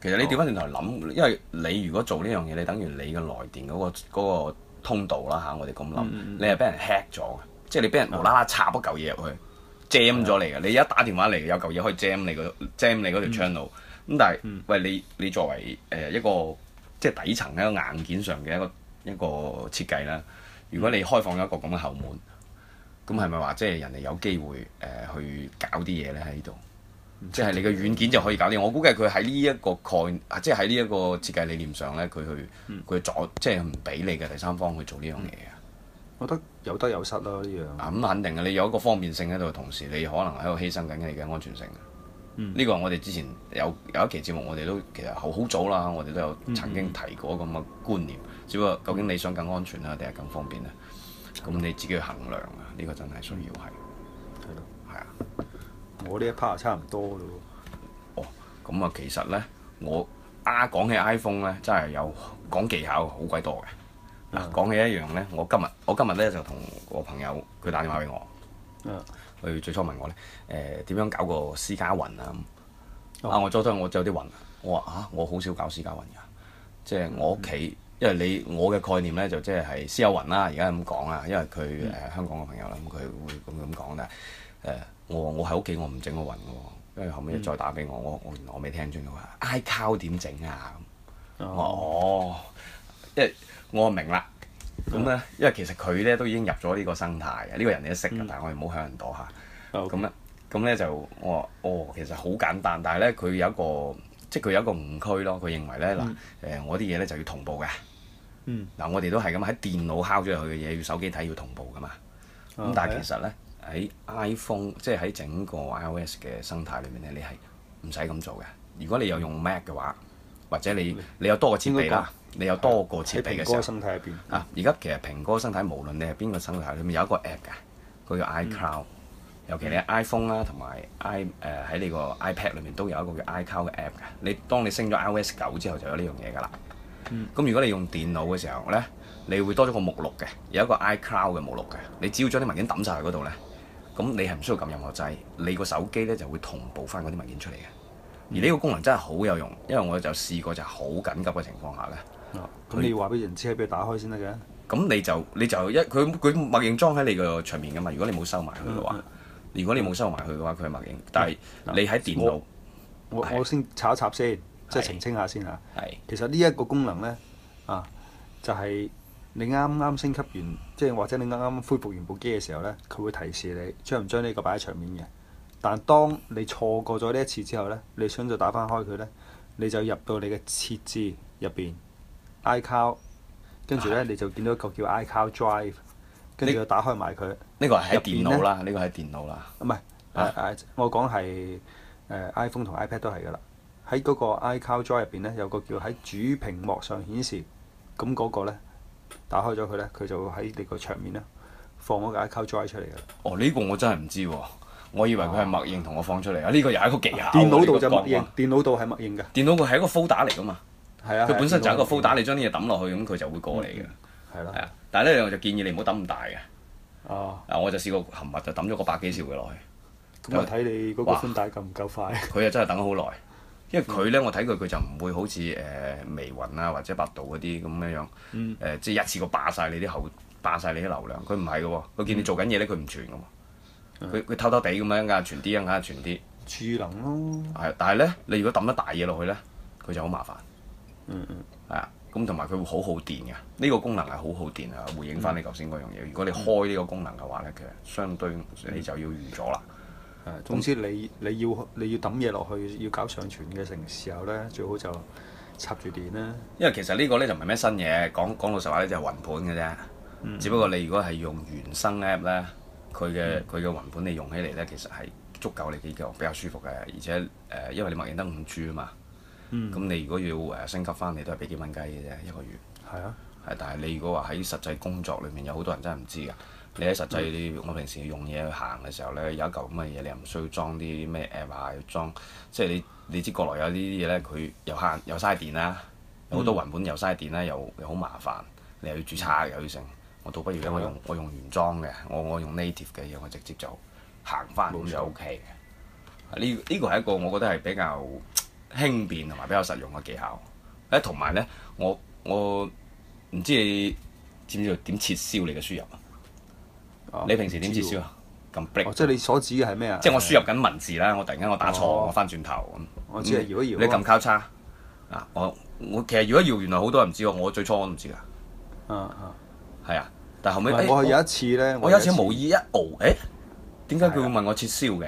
其實你調翻轉頭諗，哦、因為你如果做呢樣嘢，你等於你嘅來電嗰、嗰個嗰個通道啦吓、啊，我哋咁諗，嗯、你係俾人 hack 咗、嗯、即係你俾人無啦啦插咗嚿嘢入去 jam 咗、嗯、你嘅，嗯、你一打電話嚟有嚿嘢可以 jam 你 jam 你嗰條 channel，咁但係是、嗯、喂，你你作為誒一個即係底層一個硬件上嘅一個一個設計啦，如果你開放一個咁嘅後門。咁係咪話即係人哋有機會誒、呃、去搞啲嘢呢？喺呢度？嗯、即係你嘅軟件就可以搞呢？嗯、我估計佢喺呢一個概念、嗯、即係喺呢一個設計理念上呢，佢去，佢阻、嗯、即係唔俾你嘅第三方去做呢樣嘢啊！嗯、我覺得有得有失啦，呢樣咁、嗯、肯定嘅。你有一個方便性喺度，同時你可能喺度犧牲緊你嘅安全性。呢、嗯、個我哋之前有有一期節目，我哋都其實好好早啦，我哋都有曾經提過咁嘅觀念。只不過究竟你想更安全啊，定係更方便咧？咁、嗯、你自己衡量啊！呢個真係需要係，係咯，係啊。我呢一 part 差唔多咯喎。哦，咁啊，其實咧，我啊講起 iPhone 咧，真係有講技巧，好鬼多嘅。嗱，講起一樣咧，我今日我今日咧就同我朋友佢打電話俾我，佢的最初問我咧，誒、呃、點樣搞個私家雲啊、哦啊雲？啊，我最初我有啲雲，我話啊，我好少搞私、啊、家雲㗎、嗯，即係我屋企。因為你我嘅概念咧就即係係私有雲啦，而家咁講啊，因為佢誒、嗯呃、香港嘅朋友啦，咁佢會咁咁講啦。誒、呃，我我喺屋企我唔整個雲嘅喎、哦，因為後尾再打俾我，我我我未聽清楚啊。ICO 點整啊？我話哦，即係我明啦。咁咧，因為其實佢咧都已經入咗呢個生態嘅，呢、這個人你都識嘅，嗯、但係我哋唔好向人躲嚇。咁咧、嗯，咁咧就我話哦，其實好簡單，但係咧佢有一個即係佢有，有，有一個誤區咯。佢認為咧嗱誒，我啲嘢咧就要同步嘅。嗱、嗯啊，我哋都係咁喺電腦敲咗入去嘅嘢，要手機睇要同步噶嘛。咁、嗯、但係其實咧喺 iPhone，即係喺整個 iOS 嘅生態裏面咧，你係唔使咁做嘅。如果你有用 Mac 嘅話，或者你你有多個設備啦，你有多個設備嘅時候，蘋果生態喺邊？啊，而家其實蘋果生態、嗯啊、果生態無論你係邊個生態裡，裏面有一個 App 噶，佢叫 iCloud、嗯。尤其你 iPhone 啦，同埋 i 誒、呃、喺你個 iPad 裏面都有一個叫 iCloud 嘅 App 噶。你當你升咗 iOS 九之後，就有呢樣嘢㗎啦。咁、嗯、如果你用電腦嘅時候咧，你會多咗個目錄嘅，有一個 iCloud 嘅目錄嘅。你只要將啲文件抌晒去嗰度咧，咁你係唔需要撳任何掣，你個手機咧就會同步翻嗰啲文件出嚟嘅。而呢個功能真係好有用，因為我就試過就好緊急嘅情況下咧。啊，咁你話俾人知，俾佢打開先得嘅。咁、嗯、你就你就一佢佢默認裝喺你個桌面噶嘛。如果你冇收埋佢嘅話，嗯嗯如果你冇收埋佢嘅話，佢係默認。但係你喺電腦，嗯嗯嗯、我我先插一插先。即係澄清下先啊！其實呢一個功能呢，啊，就係、是、你啱啱升級完，即係或者你啱啱恢復完部機嘅時候呢，佢會提示你將唔將呢個擺喺桌面嘅。但係當你錯過咗呢一次之後呢，你想就打翻開佢呢，你就入到你嘅設置入邊，iCloud，跟住呢，是你就見到一個叫 iCloud Drive，跟住就打開埋佢。這個、呢個係喺電腦啦，呢、這個係電腦啦。唔係是，啊、我講係、呃、iPhone 同 iPad 都係㗎啦。喺嗰個 iCloud Drive 入邊咧，有個叫喺主屏幕上顯示，咁嗰個咧，打開咗佢咧，佢就會喺你個桌面咧放嗰個 iCloud Drive 出嚟噶啦。哦，呢個我真係唔知喎，我以為佢係默認同我放出嚟啊！呢個又係一個技巧。電腦度就默認，電腦度係默認噶。電腦佢係一個 f u l l 打嚟噶嘛，佢本身就係一個 f u l l 打 r 你將啲嘢抌落去咁，佢就會過嚟噶。係咯。係啊，但係咧，我就建議你唔好抌咁大嘅。哦。嗱，我就試過冚物就抌咗個百幾兆嘅落去。咁啊，睇你嗰個寬帶夠唔夠快？佢啊，真係等咗好耐。因為佢咧，嗯、我睇佢佢就唔會好似誒、呃、微雲啊或者百度嗰啲咁嘅樣，誒、呃嗯、即係一次過霸晒你啲喉，霸曬你啲流量。佢唔係嘅喎，佢見你做緊嘢咧，佢唔存嘅喎，佢佢、嗯、偷偷地咁樣硬係存啲，硬係存啲。智能咯。係、呃， 但係咧，你如果抌咗大嘢落去咧，佢就好麻煩。嗯嗯。係啊，咁同埋佢會好耗電嘅。呢、呢個功能係好耗電啊！回應翻你頭先嗰樣嘢，如果你開呢個功能嘅話咧，其實相對你就要預咗啦。誒，總之你你要你要抌嘢落去，要搞上傳嘅時候呢，最好就插住電啦。因為其實呢個呢就唔係咩新嘢，講講老實話呢就係雲盤嘅啫。嗯、只不過你如果係用原生 App 呢，佢嘅佢嘅雲盤你用起嚟呢，其實係足夠你比較舒服嘅。而且誒、呃，因為你默認得五 G 啊嘛。咁、嗯、你如果要升級翻嚟，都係俾幾蚊雞嘅啫，一個月。係啊。係，但係你如果話喺實際工作裏面，有好多人真係唔知㗎。你喺實際，我平時用嘢去行嘅時候呢，有一嚿咁嘅嘢，你又唔需要裝啲咩 app 啊，要裝即係你你知國內有啲啲嘢呢，佢又限又嘥電啦，好多雲本又嘥電啦，又又好麻煩，你又要註冊又要成。我倒不如呢，我用我用原裝嘅，我我用 native 嘅嘢，我直接就行翻，咁就 OK 嘅。呢呢個係一個我覺得係比較輕便同埋比較實用嘅技巧。誒，同埋呢，我我唔知你知唔知道點撤銷你嘅輸入。你平時點撤銷啊？咁逼，即係你所指嘅係咩啊？即係我輸入緊文字啦，我突然間我打錯，我翻轉頭咁。我只係搖一搖。你撳交叉啊！我我其實搖一搖，原來好多人唔知喎。我最初我唔知噶。啊啊！係啊，但係後尾我有一次咧，我有一次無意一搖，誒點解佢會問我撤銷嘅？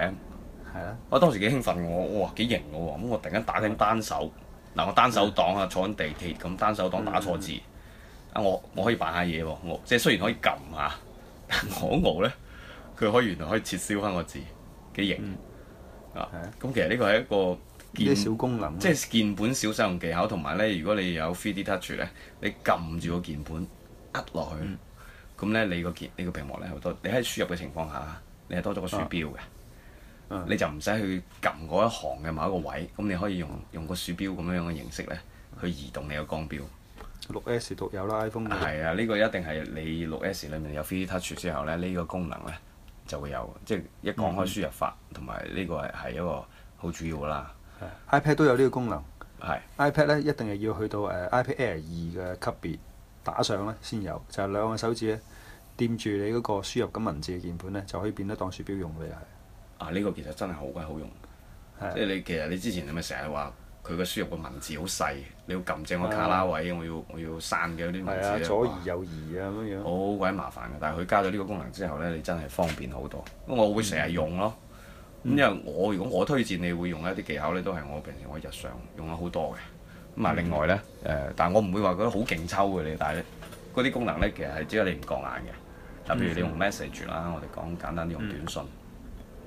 係咯。我當時幾興奮，我哇幾型喎！咁我突然間打緊單手，嗱我單手擋啊，坐緊地鐵咁單手擋打錯字啊，我我可以扮下嘢喎，我即係雖然可以撳下。可傲咧！佢可以原來可以撤銷翻個字嘅型。嗯、啊！咁其實呢個係一個鍵小功能，即係鍵盤小使用技巧。同埋咧，如果你有 3D touch 咧、嗯，你撳住個鍵盤壓落去，咁咧你個鍵呢個屏幕咧好多。你喺輸入嘅情況下，你係多咗個鼠標嘅，啊啊、你就唔使去撳嗰一行嘅某一個位。咁你可以用用個鼠標咁樣嘅形式咧，去移動你個光標。六 S, S 獨有啦，iPhone。係啊，呢、這個一定係你六 S 裏面有 3D Touch 之後咧，呢、這個功能咧就會有，即係一講開輸入法同埋呢個係係一個好主要噶啦、啊。iPad 都有呢個功能。係、啊、iPad 咧，一定係要去到誒、uh, iPad Air 二嘅級別打上咧先有，就係、是、兩個手指咧掂住你嗰個輸入緊文字嘅鍵盤咧，就可以變得當鼠標用嘅又係。啊！呢、這個其實真係好鬼好用，啊、即係你其實你之前係咪成日話？佢個輸入個文字好細，你要撳正個卡拉位，啊、我要我要散嘅嗰啲文字左移右移啊，咁樣好鬼麻煩嘅。但係佢加咗呢個功能之後咧，你真係方便好多。咁我會成日用咯。咁、嗯、因為我如果我推薦你會用一啲技巧咧，都係我平時我日常用咗好多嘅。咁啊另外咧，誒、嗯呃，但係我唔會話覺得好勁抽嘅你，但係嗰啲功能咧，其實係只有你唔覺眼嘅。就譬、嗯、如你用 message 啦、嗯，我哋講簡單啲，用短信。咁、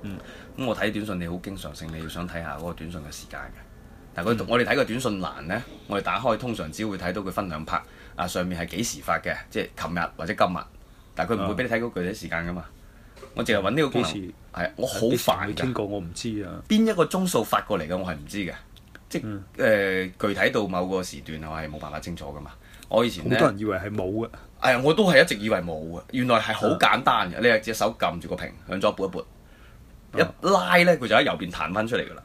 嗯嗯、我睇短信你好經常性你要想睇下嗰個短信嘅時間嘅。我哋睇個短信欄咧，我哋打開通常只會睇到佢分兩拍，啊上面係幾時發嘅，即係琴日或者今日，但係佢唔會俾你睇到具體時間噶嘛。我淨係揾呢個功能，係我好煩嘅。邊個我唔知啊？邊一個鐘數發過嚟嘅我係唔知嘅，即係具體到某個時段我係冇辦法清楚噶嘛。我以前好多人以為係冇嘅。係我都係一直以為冇嘅，原來係好簡單嘅。你係隻手撳住個屏，向左撥一撥，一拉咧佢就喺右邊彈翻出嚟㗎啦。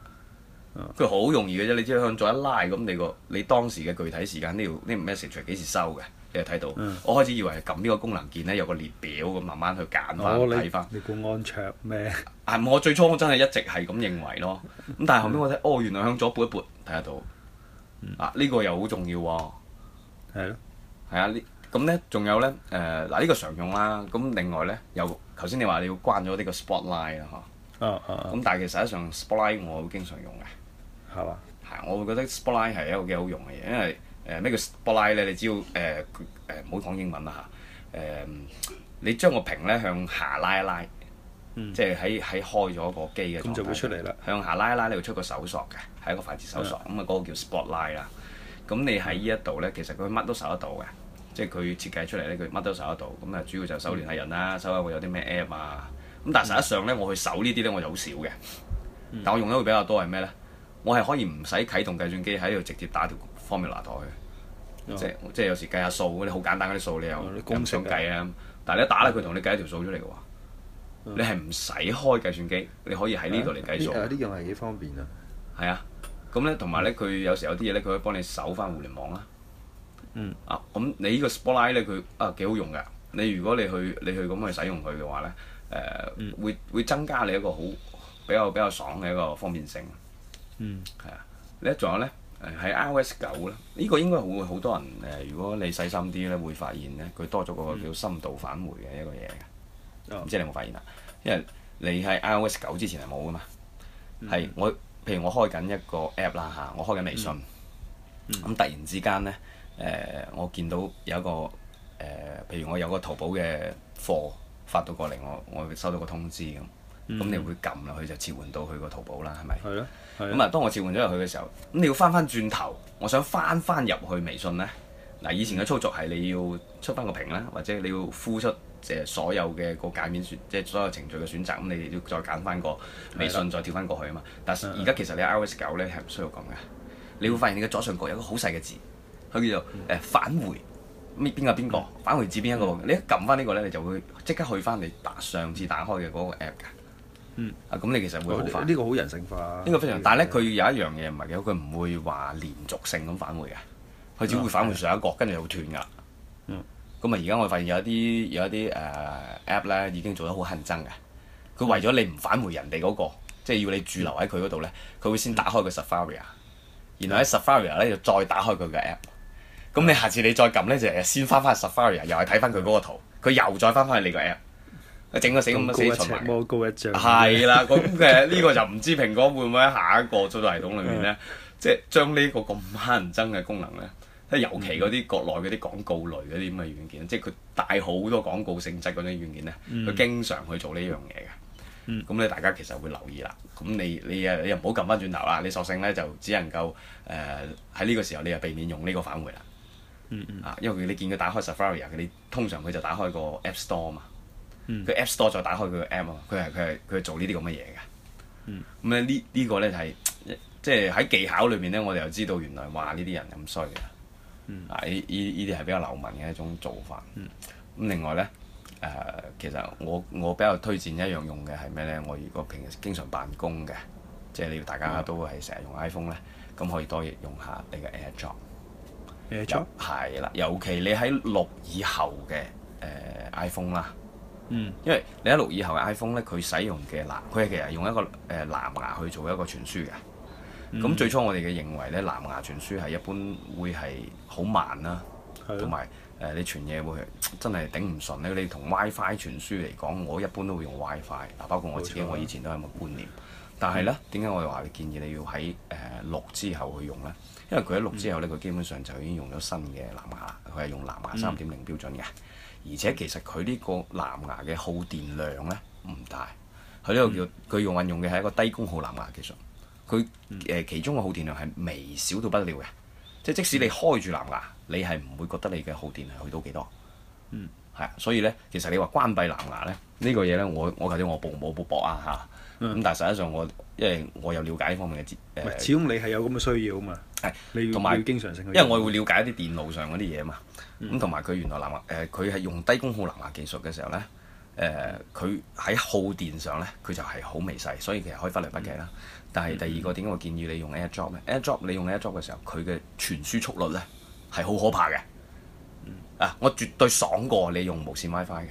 佢好容易嘅啫，你只向左一拉咁，你個你當時嘅具體時間呢條呢 message 係幾時收嘅，你又睇到。嗯、我開始以為係撳呢個功能鍵咧有個列表咁，慢慢去揀翻睇翻。你估安卓咩？係唔、 啊、我最初我真係一直係咁認為咯。咁、嗯、但係後尾我睇哦，原來向左撥一撥睇得到、嗯啊呢個。啊，呢個又好重要喎。係咯。係啊，嗯、呢咁咧仲有咧誒嗱呢個常用啦。咁、啊、另外咧又頭先你話你要關咗呢個 Spotlight 啦嚇。咁但係其實上 Spotlight 我係會經常用嘅。係啊，係我會覺得 spotlight 係一個幾好用嘅嘢，因為誒咩、呃、叫 spotlight 咧？你只要誒誒唔好講英文啦嚇，誒、呃、你將個屏咧向下拉一拉，即係喺喺開咗個機嘅狀態，咁就會出嚟啦。向下拉一拉，你會出個搜索嘅，係一個快捷搜索。咁啊、嗯，嗰個叫 spotlight 啦。咁你喺呢一度咧，其實佢乜都搜得到嘅，即係佢設計出嚟咧，佢乜都搜得到。咁啊，主要就搜聯繫人啦、啊，搜下會有啲咩 app 啊。咁但係實質上咧，我去搜呢啲咧，我就好少嘅。但我用得會比較多係咩咧？我係可以唔使啟動計算機喺度直接打條 formula 度去，哦、即即有時計下數嗰啲好簡單嗰啲數你又咁、哦、計啊！但你一打咧佢同你計一條數出嚟嘅話，嗯、你係唔使開計算機，你可以喺呢度嚟計數嘅。呢樣係幾方便啊！係啊，咁咧同埋咧佢有時有啲嘢咧，佢可以幫你搜翻互聯網、嗯、啊。嗯。啊，咁你呢個 Spotlight 咧，佢啊幾好用㗎！你如果你去你去咁去使用佢嘅話咧，誒、呃、會會增加你一個好比較比較爽嘅一個方便性。嗯，係啊，呢一仲有咧，誒喺 iOS 九咧，呢個應該會好多人誒、呃，如果你細心啲咧，會發現咧，佢多咗個叫深度返回嘅一個嘢嘅，唔、嗯、知你有冇發現啊？因為你喺 iOS 九之前係冇噶嘛，係、嗯、我譬如我開緊一個 app 啦嚇，我開緊微信，咁、嗯、突然之間咧，誒、呃、我見到有一個誒、呃，譬如我有個淘寶嘅貨發到過嚟，我我收到個通知咁。咁你會撳落去就切換到佢個淘寶啦，係咪？係咯，咁啊，當我切換咗入去嘅時候，咁你要翻翻轉頭，我想翻翻入去微信咧。嗱，以前嘅操作係你要出翻個屏啦，嗯、或者你要呼出即係、呃、所有嘅個界面即係、就是、所有程序嘅選擇，咁你哋要再揀翻個微信的再跳翻過去啊嘛。但係而家其實你 iOS 九咧係唔需要咁嘅，你會發現你嘅左上角有個好細嘅字，佢叫做誒、嗯呃、返回。咩邊個邊個？返回至邊一個？嗯、你一撳翻呢個咧，你就會即刻去翻你打上次打開嘅嗰個 app 㗎。嗯，啊咁你其實會好快，呢、哦呢個好人性化，呢個非常，但係咧佢有一樣嘢唔係嘅，佢唔會話連續性咁返回嘅，佢只會返回上一個，跟住就斷㗎啦。嗯，咁啊而家我發現有一啲有一啲誒、呃、app 咧已經做得好恨憎嘅，佢為咗你唔返回人哋嗰、嗰個，即係要你駐留喺佢嗰度咧，佢會先打開個 Safari，然後喺 Safari 咧就再打開佢嘅 app，咁你下次你再撳咧就係先翻翻去 Safari，又係睇翻佢嗰個圖，佢又再翻翻去你個 app。整個死咁嘅死蠢，魔高一丈。係啦，咁嘅呢個就唔知蘋果會唔會喺下一個操作系統裏面咧， 即係將呢個咁乞人憎嘅功能咧，即係尤其嗰啲國內嗰啲廣告類嗰啲咁嘅軟件，嗯、即係佢帶好多廣告性質嗰啲軟件咧，佢經常去做呢樣嘢㗎。咁咧、嗯，大家其實會留意啦。咁你你誒你又唔好撳翻轉頭啦，你索性咧就只能夠誒喺呢個時候你就避免用呢個返回啦。啊，因為你見佢打開 Safari，佢哋通常佢就打開個 App Store 嘛。佢、嗯、App Store 再打開佢、嗯這個 App 啊！佢係佢係佢做呢啲咁嘅嘢㗎。咁咧呢呢個咧係即係喺技巧裏面咧，我哋又知道原來話呢啲人咁衰啊！呢依啲係比較流氓嘅一種做法。咁、嗯、另外咧，誒、呃、其實我我比較推薦一樣用嘅係咩咧？我如果平時經常辦公嘅，即係你要大家都係成日用 iPhone 咧，咁、嗯、可以多用下你嘅 AirDrop。AirDrop 係啦，尤其你喺六以後嘅誒 iPhone 啦。呃嗯，因為你一六以後嘅 iPhone 咧，佢使用嘅藍，佢係其實用一個誒藍牙去做一個傳輸嘅。咁最初我哋嘅認為咧，藍牙傳輸係一般會係好慢啦，同埋誒你傳嘢會係真係頂唔順咧。你同 WiFi 傳輸嚟講，我一般都會用 WiFi。嗱，包括我自己，我以前都係咁嘅觀念。但係咧，點解我哋話你建議你要喺誒六之後去用咧？因為佢一六之後咧，佢基本上就已經用咗新嘅藍牙，佢係用藍牙三點零標準嘅。而且其實佢呢個藍牙嘅耗電量呢唔大，佢呢個叫佢用運用嘅係一個低功耗藍牙技術，佢誒其中嘅耗電量係微少到不得了嘅，即係即使你開住藍牙，你係唔會覺得你嘅耗電係去到幾多，嗯，係，所以呢，其實你話關閉藍牙呢，呢、嗯、個嘢呢，我我頭先我冇冇博啊嚇，咁、啊嗯、但係實際上我因為我有了解呢方面嘅節誒，呃、始終你係有咁嘅需要啊嘛，係，同埋經常性，有因為我會了解一啲電路上嗰啲嘢啊嘛。咁同埋佢原來藍牙誒，佢、呃、係用低功耗藍牙技術嘅時候咧，誒佢喺耗電上咧，佢就係好微細，所以其實可以忽略不計啦。嗯、但係第二個點解、嗯、我建議你用 AirDrop 咧？AirDrop 你用 AirDrop 嘅時候，佢嘅傳輸速率咧係好可怕嘅。嗯、啊，我絕對爽，爽過你用無線 WiFi 嘅。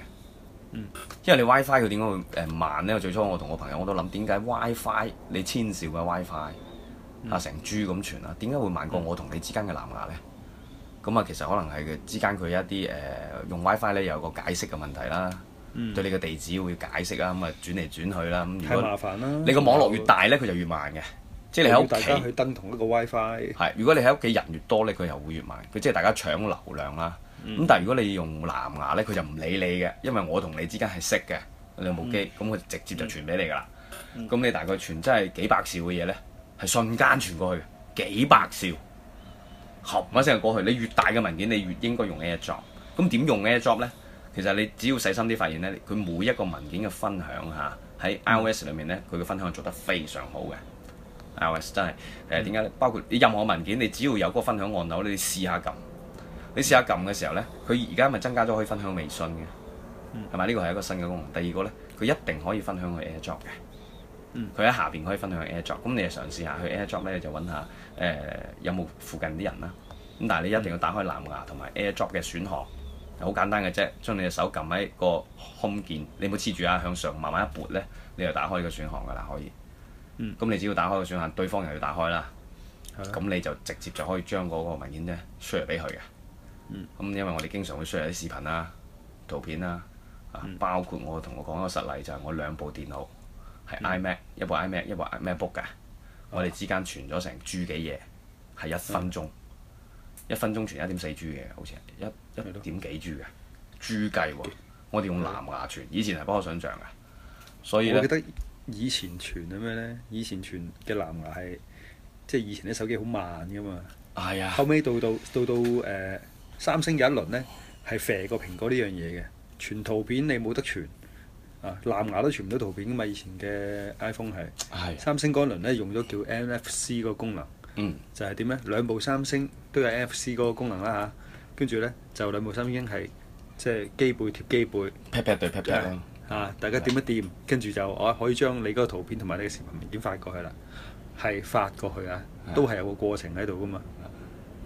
嗯、因為你 WiFi 佢點解會誒慢咧？我最初我同我朋友我都諗點解 WiFi 你千兆嘅 WiFi 啊成 G、嗯、咁傳啊，點解會慢過我同你之間嘅藍牙咧？咁啊，嗯、其實可能係佢之間佢一啲誒、呃、用 WiFi 咧，有個解釋嘅問題啦，嗯、對你嘅地址會解釋啦，咁啊轉嚟轉去啦。咁如果麻煩啦你個網絡越大咧，佢就越慢嘅。即係你喺屋企，大家去登同一個 WiFi。係，如果你喺屋企人越多咧，佢又會越慢。佢即係大家搶流量啦。咁、嗯、但係如果你用藍牙咧，佢就唔理你嘅，因為我同你之間係識嘅，你有冇機，咁佢、嗯、直接就傳俾你㗎啦。咁、嗯嗯、你大概傳真係幾百兆嘅嘢咧，係瞬間傳過去幾百兆。冇一聲過去，你越大嘅文件，你越應該用 AirDrop。咁點用 AirDrop 呢？其實你只要細心啲發現呢，佢每一個文件嘅分享下喺 iOS 裏面呢，佢嘅分享做得非常好嘅。iOS 真係誒點解？包括你任何文件，你只要有個分享按鈕，你試下撳。你試下撳嘅時候呢，佢而家咪增加咗可以分享微信嘅，係咪呢個係一個新嘅功能？第二個呢，佢一定可以分享去 AirDrop 嘅。佢喺、嗯、下邊可以分享 AirDrop，咁、嗯、你就嘗試下去 AirDrop 咧就揾下誒、呃、有冇附近啲人啦。咁但係你一定要打開藍牙同埋 AirDrop 嘅選項，好簡單嘅啫，將你嘅手撳喺個 Home 鍵，你冇黐住啊，向上慢慢一撥咧，你就打開呢個選項噶啦，可以。嗯。咁、嗯、你只要打開個選項，對方又要打開啦。係的。咁你就直接就可以將嗰個文件咧 share 俾佢嘅。嗯。咁、嗯、因為我哋經常會 share 啲視頻啊、圖片啦，啊，嗯、包括我同我講一個實例就係、是、我兩部電腦。iMac Yeah. 一部 iMac 一部 iMacBook 㗎 IM、uh，huh. 我哋之間傳咗成 G 幾嘢，係一分鐘，uh huh. 一分鐘傳一點四 G 嘅，好似一一係都點幾 G 嘅，G 計喎，Okay. 我哋用藍牙傳，以前係不可想像㗎，所以我記得以前傳係咩咧？以前傳嘅藍牙係，即係以前啲手機好慢㗎嘛，係啊、哎呀，後尾到到到到誒、呃、三星有一輪咧，係肥過蘋果呢樣嘢嘅，傳圖片你冇得傳。啊，藍牙都傳唔到圖片噶嘛，以前嘅 iPhone 係的三星嗰輪咧，用咗叫 NFC 個功能，嗯、就係點咧？兩部三星都有 NFC 嗰個功能啦吓，跟住咧就兩部三星係即係機背貼機背 pat pat 對 pat pat 啊，啊大家掂一掂，跟住的就哦可以將你嗰個圖片同埋你嘅視頻文件發過去啦，係發過去啊，的都係有個過程喺度噶嘛。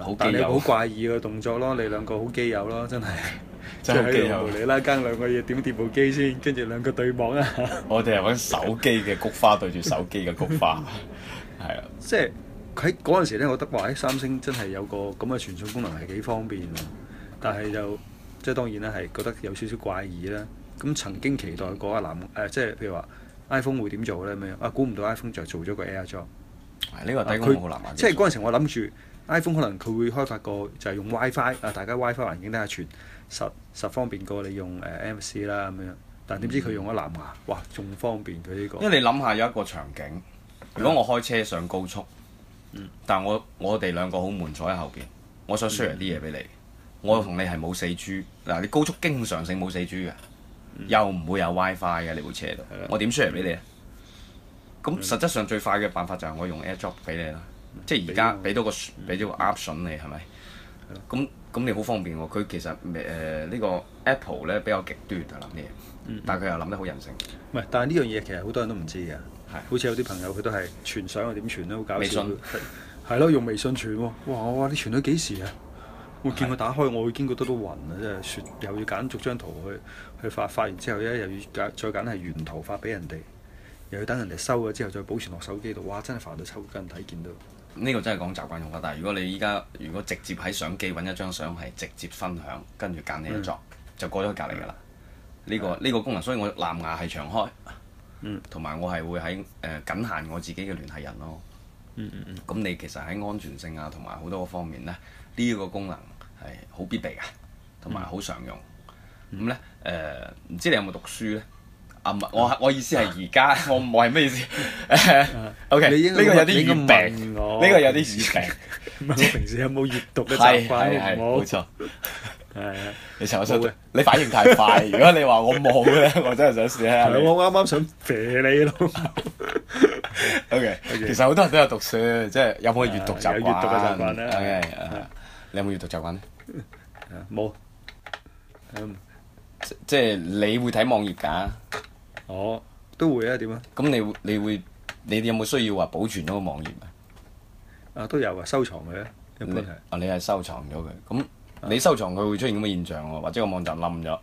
好基好怪異嘅動作咯，嗯、你兩個好基友咯，真係。 就喺度無理啦，更兩 個嘢點跌部機先，跟住兩個對望啊！我哋係揾手機嘅菊花對住手機嘅菊花，係啊！即係喺嗰陣時咧，我覺得話喺三星真係有個咁嘅傳送功能係幾方便，但係就即係、就是、當然咧係覺得有少少怪異啦。咁曾經期待嗰下藍，誒即係譬如話 iPhone 會點做咧咩？啊，估唔、啊、到 iPhone 就做咗個 AirDrop 呢個底個無可難免。它即係嗰陣時我諗住。iPhone 可能佢會開發個就係用 WiFi 啊，Fi, 大家 WiFi 環境底下全實，實實方便過你用誒、呃、MC 啦咁樣。但點知佢用咗藍牙，哇，仲方便佢呢、這個。因為你諗下有一個場景，如果我開車上高速，的但係我我哋兩個好悶坐喺後邊，我想 share 啲嘢俾你，的我同你係冇四 G 嗱，你高速經常性冇四 G 嘅，的又唔會有 WiFi 嘅你部車度，的我點 share 俾你啊？咁的實質上最快嘅辦法就係我用 AirDrop 俾你啦。即係而家俾到個俾到、嗯、個 option、嗯、你係咪？咁咁你好方便喎。佢其實誒、呃這個、呢個 Apple 咧比較極端，係諗嘢，但係佢又諗得好人性。唔係、嗯，嗯嗯、但係呢樣嘢其實好多人都唔知嘅。係的好似有啲朋友佢都係傳相，我點傳咧，好搞笑。微信係咯的，用微信傳喎。哇！我話你傳咗幾時啊？我見佢打開，我已經覺得都暈啊！真係，又要揀逐張圖去去發發，完之後咧又要再揀係原圖發俾人哋，又要等人哋收咗之後再保存落手機度。哇！真係煩到抽筋，睇見到到都～呢個真係講習慣用法，但係如果你依家如果直接喺相機揾一張相係直接分享，跟住揀你一作、嗯、就過咗去隔離㗎啦。呢、這個呢、嗯、個功能，所以我藍牙係長開，同埋、嗯、我係會喺誒、呃、僅限我自己嘅聯繫人咯。咁、嗯嗯、你其實喺安全性啊，同埋好多個方面呢，呢、這個功能係好必備啊，同埋好常用咁、嗯嗯、呢，誒、呃，唔知你有冇讀書呢？我我意思係而家，我唔係咩意思。O K，呢個有啲語病，呢個有啲語病。我平時有冇閲讀嘅習慣？冇錯。係啊，你陳伯叔，你反應太快。如果你話我冇咧，我真係想試下。我啱啱想射你咯。O K，其實好多人都有讀書，即係有冇閲讀習慣咧？你有冇閲讀習慣咧？冇。即係你會睇網頁㗎？哦，都會啊？點啊？咁你會你會你有冇需要話保存咗個網頁啊？啊都有啊，收藏嘅。啊，有關係。啊，你係收藏咗佢。咁你收藏佢會出現咁嘅現象喎，或者個網站冧咗。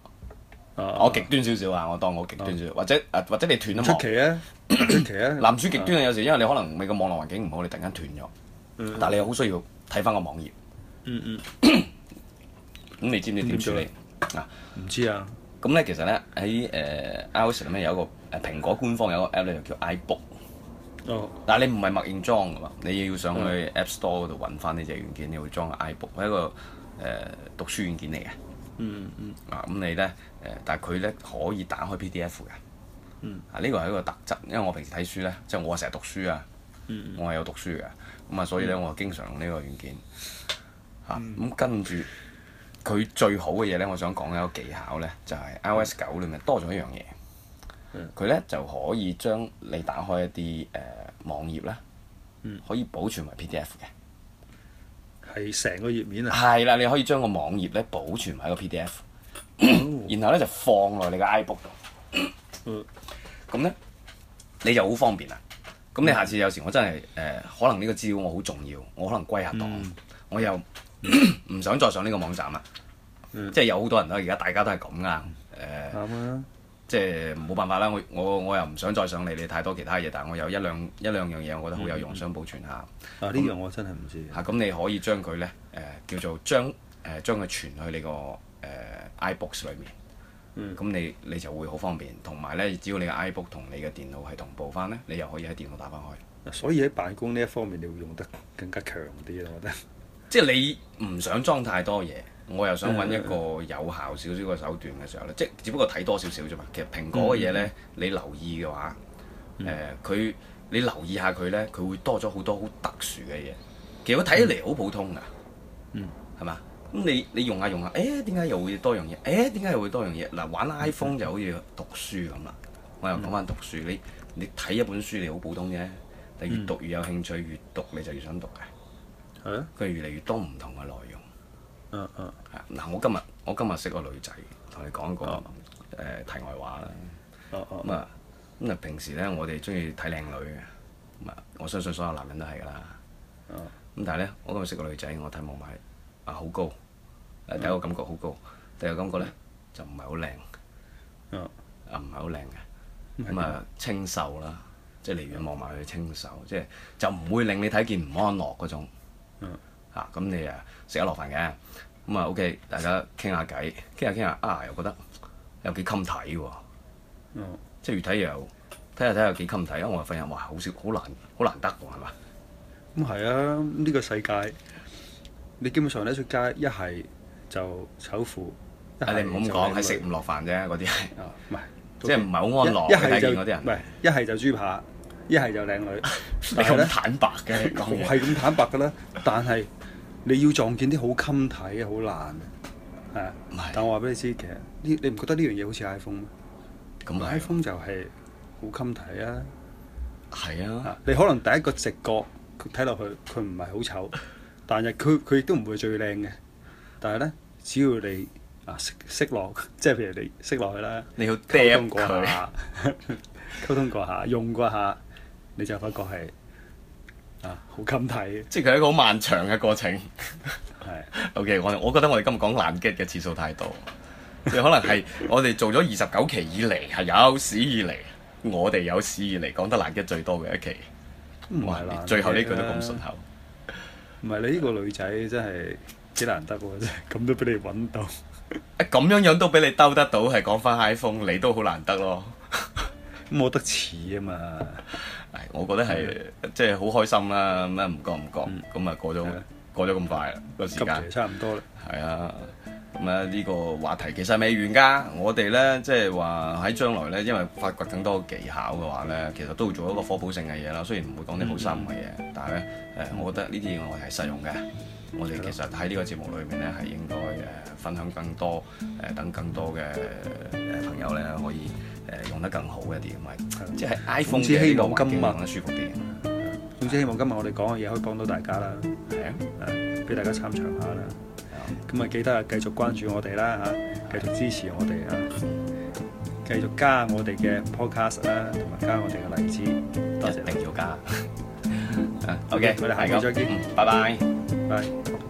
我極端少少啊，我當我極端少少，或者啊，或者你斷啊。出奇啊！出奇啊！男主極端啊，有時因為你可能你個網絡環境唔好，你突然間斷咗。但係你好需要睇翻個網頁。嗯嗯。咁你知唔知點處理啊？唔知啊。咁咧，其實咧喺誒 iOS 入面有一個誒，蘋果官方有個 app 咧就叫 iBook。哦。但係你唔係默認裝㗎嘛，你要上去 App Store 度揾翻呢隻軟件，你要裝 iBook，係一個誒讀書軟件嚟嘅。嗯嗯。啊，咁你咧誒，但係佢咧可以打開 PDF 嘅。啊，呢個係一個特質，因為我平時睇書咧，即係我成日讀書啊，我係有讀書嘅，咁啊，所以咧我經常用呢個軟件。嗯。嚇，咁跟住。佢最好嘅嘢呢，我想講一個技巧呢，就係 iOS 九裏面多咗一樣嘢，佢呢，就可以將你打開一啲誒、呃、網頁啦，可以保存埋 PDF 嘅，係成個頁面啊，係啦，你可以將個網頁呢，保存埋個 PDF，oh. 然後呢，就放落你個 iBook 度，咁、 oh. 呢，你就好方便啦。咁你下次有時我真係誒、呃，可能呢個資料我好重要，我可能歸下檔、oh. 我又。唔咳咳想再上呢個網站啦，嗯、即係有好多人啦。而家大家都係咁噶，誒、呃，嗯、即係冇辦法啦。我我我又唔想再上你，你太多其他嘢。但係我有一兩一兩樣嘢，我覺得好有用，想、嗯、保存下。啊，呢樣那、啊、我真係唔知。吓、啊，咁你可以將佢咧，誒、呃，叫做將誒將佢傳去你個誒、呃、iBook 裏面。咁、嗯、你你就會好方便，同埋咧，只要你個 iBook 同你嘅電腦係同步翻咧，你又可以喺電腦打翻去。所以喺辦公呢一方面，你會用得更加強啲啊，我覺得。即係你唔想裝太多嘢，我又想搵一個有效少少嘅手段嘅時候呢，即係只不過睇多少少啫嘛。其實蘋果嘅嘢呢，你留意嘅話，誒佢你留意下佢呢，佢會多咗好多好特殊嘅嘢。其實睇起嚟好普通㗎，嗯，係嘛？咁你你用下用下，誒點解又會多樣嘢？誒點解又會多樣嘢？嗱、啊，玩 iPhone 就好似讀書咁啦。嗯、我又講返讀書，你你睇一本書你好普通啫，你越讀越有興趣，越讀你就越想讀㗎。係佢越嚟越多唔同嘅內容。嗯嗯、啊，嗱、啊啊，我今日我今日識個女仔，同你講一個誒題外話啦。咁啊咁啊、嗯，平時咧，我哋中意睇靚女嘅，咁啊，我相信所有男人都係㗎啦。咁、啊嗯、但係咧，我今日識個女仔，我睇望埋啊，好高。誒、啊，第一個感覺好高，第二個感覺咧、嗯、就唔係好靚。啊，唔係好靚嘅，咁啊清秀啦，即係離遠望埋去，嗯、 清秀，即係就唔會令你睇見唔安樂嗰種。嗱，咁你誒食得落飯嘅，咁啊 OK，大家傾下偈，傾下傾下啊，又覺得有幾襟睇喎，即係越睇又睇下睇下幾襟睇，我份人話，好少好難好難得喎，係嘛？咁係啊，呢個世界，你基本上咧出街一係就首富，啊你唔好咁講，係食唔落飯啫，嗰啲係，唔即係唔係好安樂，一係就唔係，一係就豬扒，一係就靚女，你咁坦白嘅，係咁坦白嘅啦，但係。你要撞見啲好襟睇嘅，好難嘅，係。是但我話俾你知，其實呢，你唔覺得呢樣嘢好似 iPhone 咩？iPhone 就係好襟睇啊！係的啊，你可能第一個直覺睇落去佢唔係好醜，但係佢佢亦都唔會最靚嘅。但係咧，只要你啊識識落，即係譬如你識落去啦，你要跌過下，溝通過下，用過下，你就發覺係，好禁睇， 即係佢一個好漫長嘅過程。係 ，OK，我我覺得我哋今日講難 get 嘅次數太多，即 可能係我哋做咗二十九期以嚟係有史以嚟，我哋有史以嚟講得難 get 最多嘅一期。唔係啦，最後呢句都咁順口。唔係，你呢個女仔真係幾難得，真係咁都俾你揾到，咁 樣樣都俾你兜得到，係講翻 iPhone，你都好難得咯。冇 得似啊嘛。我覺得係、嗯、即係好開心啦，咁啊唔覺唔覺，咁啊、嗯、過咗過咗了咁快啦個時間，差唔多啦。係啊，咁啊呢個話題其實未完㗎。我哋咧即係話喺將來咧，因為發掘更多技巧嘅話咧，其實都會做一個科普性嘅嘢啦。雖然唔會講啲好深嘅嘢，嗯、但係咧誒，我覺得呢啲嘢我係實用嘅。我哋其實喺呢個節目裏面咧係應該誒分享更多誒等更多嘅誒朋友咧可以。誒用得更好一啲，咪即係 iPhone 嘅環境用得舒服啲。總之希望今日我哋講嘅嘢可以幫到大家啦，係啊，俾大家參詳下啦。咁啊，記得繼續關注我哋啦，嚇，繼續支持我哋啊，繼續加我哋嘅 Podcast 啦，同埋加我哋嘅荔枝。多謝你，一定要加。OK，我哋下次再見，拜拜，拜。